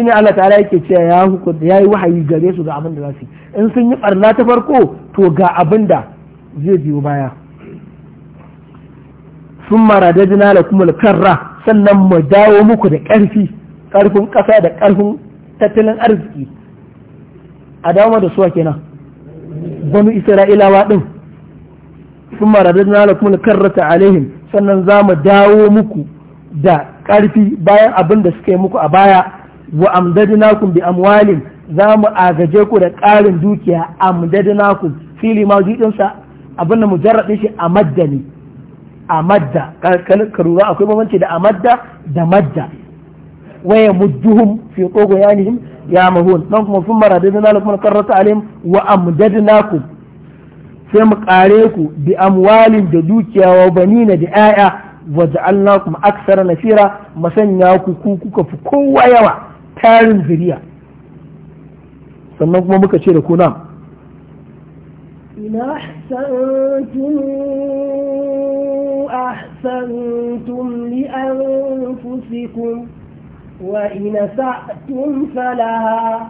ne Allah ta'ala yake cewa ya hukunta yi wahayi gare su ga abin da za su yi? in sun yi barna ta farko to ga abin da zai biyo baya sun maradadina da kuma karra sannan mu dawo muku da ƙarfi ƙarfin ƙasa da ƙarfin tattalin arziki a dawo da suwa kenan banu isra'ilawa ɗin sun maradadina da kuma karra ta alaihim sannan za mu dawo muku da ƙarfi bayan abin da suka yi muku a baya wa amdadnakum bi amwalin za mu agaje ku da ƙarin dukiya amdadnakum fili ma jidin sa abin da mujarrad shi amadda ne amadda karura akwai bambanci da amadda da madda waya mudduhum fi yanihim ya mahun dan kuma sun mara dadin karrata alim wa amdadnakum sai mu kare ku bi amwalin da dukiya wa banina da 'ya'ya wa ja'alnakum aksara nasira masanya ku ku kuka fi kowa yawa tarin zuriya sannan kuma muka ce da kuna ina ahsantum ahsantum li anfusikum wa ina sa'tum falaha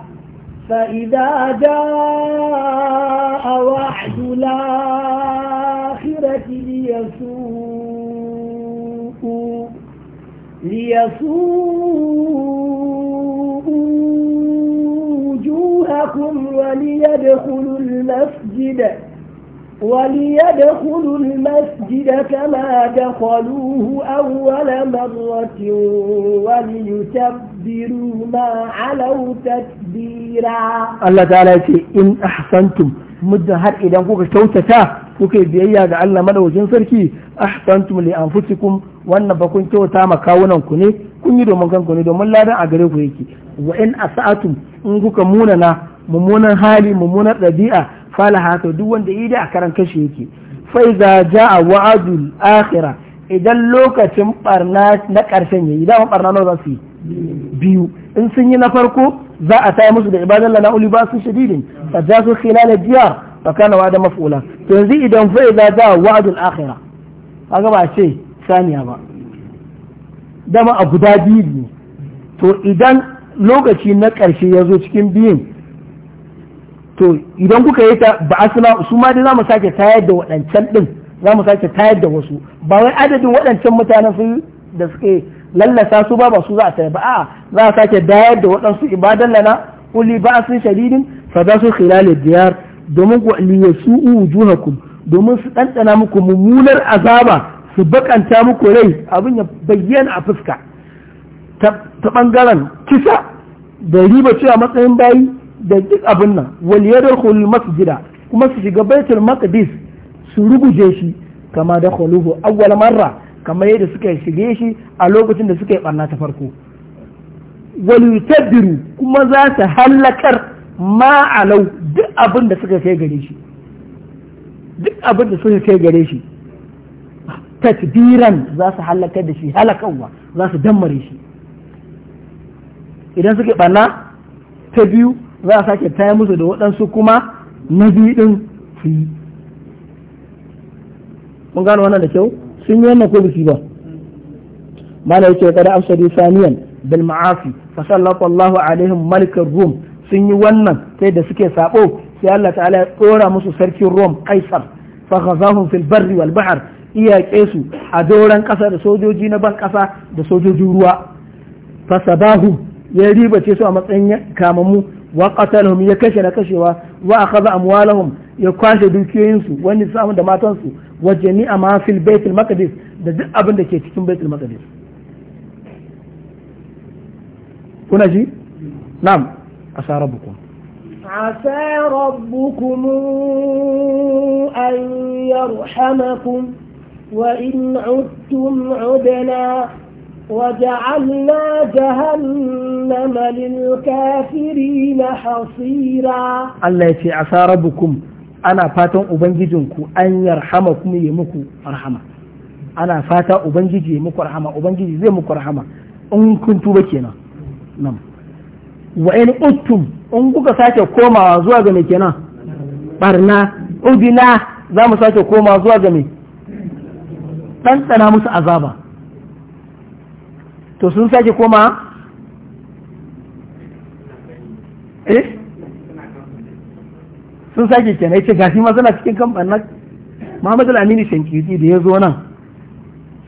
فإذا جاء وعد الآخرة ليسوءوا ليسوءوا لكم وليدخلوا المسجد وليدخلوا المسجد كما دخلوه أول مرة وليتبروا ما علوا تتبيرا الله تعالى إن أحسنتم muddin har idan kuka kyautata kuka yi biyayya ga Allah madawacin sarki ahsantum li anfusikum wannan ba kun kyauta ma kawunan ku ne kun yi domin kanku ne domin ladan a gare ku yake wa in asa'atum in kuka munana mummunan hali mummunan ɗabi'a fala haka duk wanda yi a karan kashi yake fai za ja a wa'adul akhira idan lokacin barna na ƙarshen yayi dama barna nawa za su yi biyu in sun yi na farko za a taya musu da ibadan lana uli ba su shadidin fa ja su khilal diyar fa kana da maf'ula to yanzu idan fa za ja wa'adul akhira kaga ba ce saniya ba dama a guda biyu ne to idan lokaci na ƙarshe ya zo cikin biyun to idan kuka yi ta ba suna su ma dai za mu sake tayar da waɗancan din za mu sake tayar da wasu ba wai adadin waɗancan mutanen sun da suke lallasa su ba ba su za a tayar ba a'a za a sake dayar da waɗansu ibadan lana kulli ba sun shadidin fa za su khilal diyar domin ku liyasu'u wujuhakum domin su ɗanɗana muku mummunar azaba su bakanta muku rai abin ya bayyana a fuska ta bangaren kisa da riba cewa matsayin bayi da duk abin nan waliyar yadkhul masjida kuma su shiga baitul maqdis su ruguje shi kama da khuluhu awwal marra kama yadda suka shige shi a lokacin da suka yi barna ta farko wal yutabiru kuma za su halakar ma'alau duk abin da suka kai gare shi duk abin da suka kai gare shi tadbiran za su halakar da shi halakawa za su dammare shi idan suka barna ta biyu za a sake taya musu da waɗansu kuma na biyu ɗin su yi mun gano wannan da kyau sun yi wannan ko su ba mana yake kada afsadu saniyan bil ma'afi fa sallallahu alaihim malikar rum sun yi wannan sai da suke sabo sai Allah ta'ala ya tsora musu sarkin rum kaisar fa ghazahum fil barri wal bahr iyake su a doran kasa da sojoji na ban kasa da sojojin ruwa fa sabahu ya ribace su a matsayin kamamu وقتلهم يكشن كشوا وأخذ أموالهم يكاش دوكيينسو ونساهم دماتنسو وجميع ما في البيت المقدس ده أبن ده كيتكين بيت المقدس كنا جي نعم عسى ربكم عسى ربكم أن يرحمكم وإن عدتم عدنا وجعلنا جهنم للكافرين حصيرا الله يتي ربكم انا فاتن ubangijinku an yarhama kuma yi muku rahama ana fata ubangiji yi muku rahama ubangiji zai muku rahama in kun tuba kenan wa in uttum in kuka sake komawa zuwa ga kenan barna ubina za mu sake komawa zuwa ga mai musu azaba to sun sake koma eh sun sake kenan ce gashi ma suna cikin kamfanin Muhammad al-Amini Shankiti da ya zo nan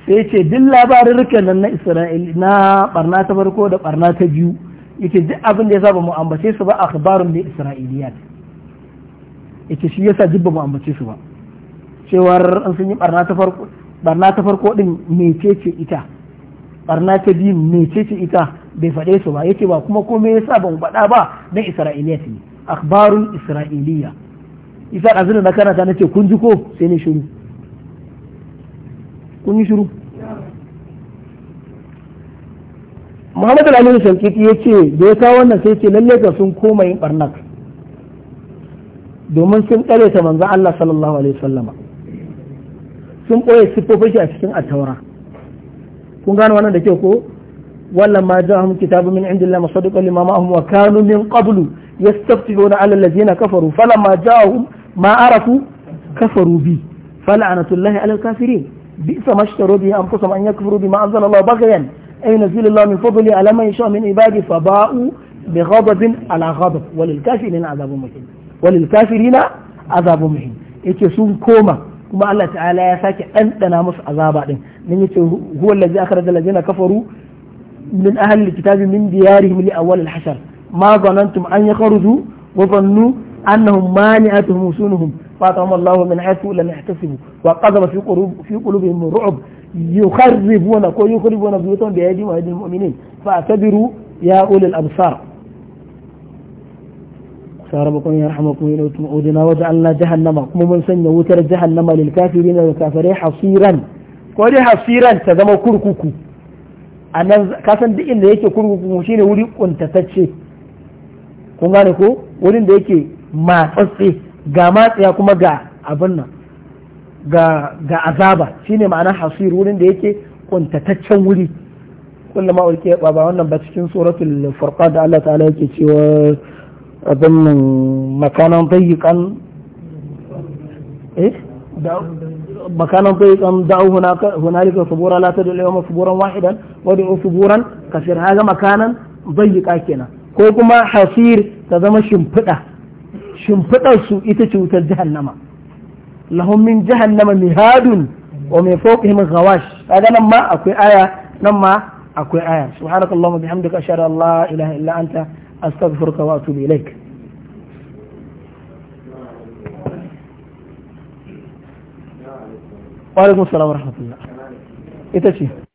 sai ce duk labarin nan na Isra'il na barna ta farko da barna ta biyu yake duk abin da ya saba mu ambace su ba a da bi ya ce shi yasa duk ba mu ambace su ba cewar an sun yi barna ta farko barna ta farko din ita barna ta biyu mece ce ita bai faɗe su ba yace ba kuma komai yasa ban faɗa ba na isra'iliya ne akbarun isra'iliya isa zina na karanta nace kun ji ko sai ne shiru kun yi shiru Muhammadu al Shankiti ya ce da ya kawo wannan sai ce lalle ga sun koma yin barnak domin sun tsare ta manzon Allah sallallahu alaihi wasallama sun ɓoye siffofin shi a cikin attaura kun gano wannan da ke ko wallan ma ja'ahum kitabun min indillah musaddiqan lima ma'ahum wa kanu min qablu yastaftiluna 'ala allazina kafaru falamma ja'ahum ma arafu kafaru bi fal'anatullahi 'ala al-kafirin بئس ما اشتروا به انفسهم ان يكفروا بما انزل الله بغيا ان ينزل الله من فضله على من يشاء من عباده فباءوا بغضب على غضب وللكافرين عذاب مهين وللكافرين عذاب مهين yake sun koma kuma Allah ta'ala ya sake ɗanɗana musu azaba din nan yace huwa allazi akhraja allazina kafaru min ahli alkitabi min diyarihim li awwal alhashr ma zanantum an yakhruju wa dhannu annahum mani'atuhum sunuhum فاتهم الله من حيث لم يحتسبوا وقذف في قلوب في قلوبهم الرعب يخربون يخربون بيوتهم بأيديهم وأيدي المؤمنين فاعتبروا يا أولي الأبصار ربكم يرحمكم إلى تمعودنا وجعلنا جهنم كما من سنة وتر جهنم للكافرين والكافرين حصيرا كوري حصيرا تزم كركوكو أنا kasan دي إن yake كركوكو مشين ولي كنت تتشي kun gane ko wurin da yake matsatse ga matsaya kuma ga abin nan ga azaba shine ma'ana hasir wurin da yake kuntataccen wuri kullum ma ulke baba wannan ba cikin suratul furqan da Allah ta'ala yake cewa abin nan makanan tayyikan eh makanan tayyikan da'u hunaka hunalika subura la tad'u yawma suburan wahidan wad'u suburan kasir haga makanan tayyika kenan ko kuma hasir ta zama shimfiɗa shimfiɗar su ita ce wutar jahannama lahum min jahannama mihadun wa min fawqihim ghawash kaga nan ma akwai aya nan ma akwai aya subhanakallahumma bihamdika ashhadu an la ilaha illa anta أستغفرك وأتوب إليك وعليكم السلام ورحمة الله إتشي إيه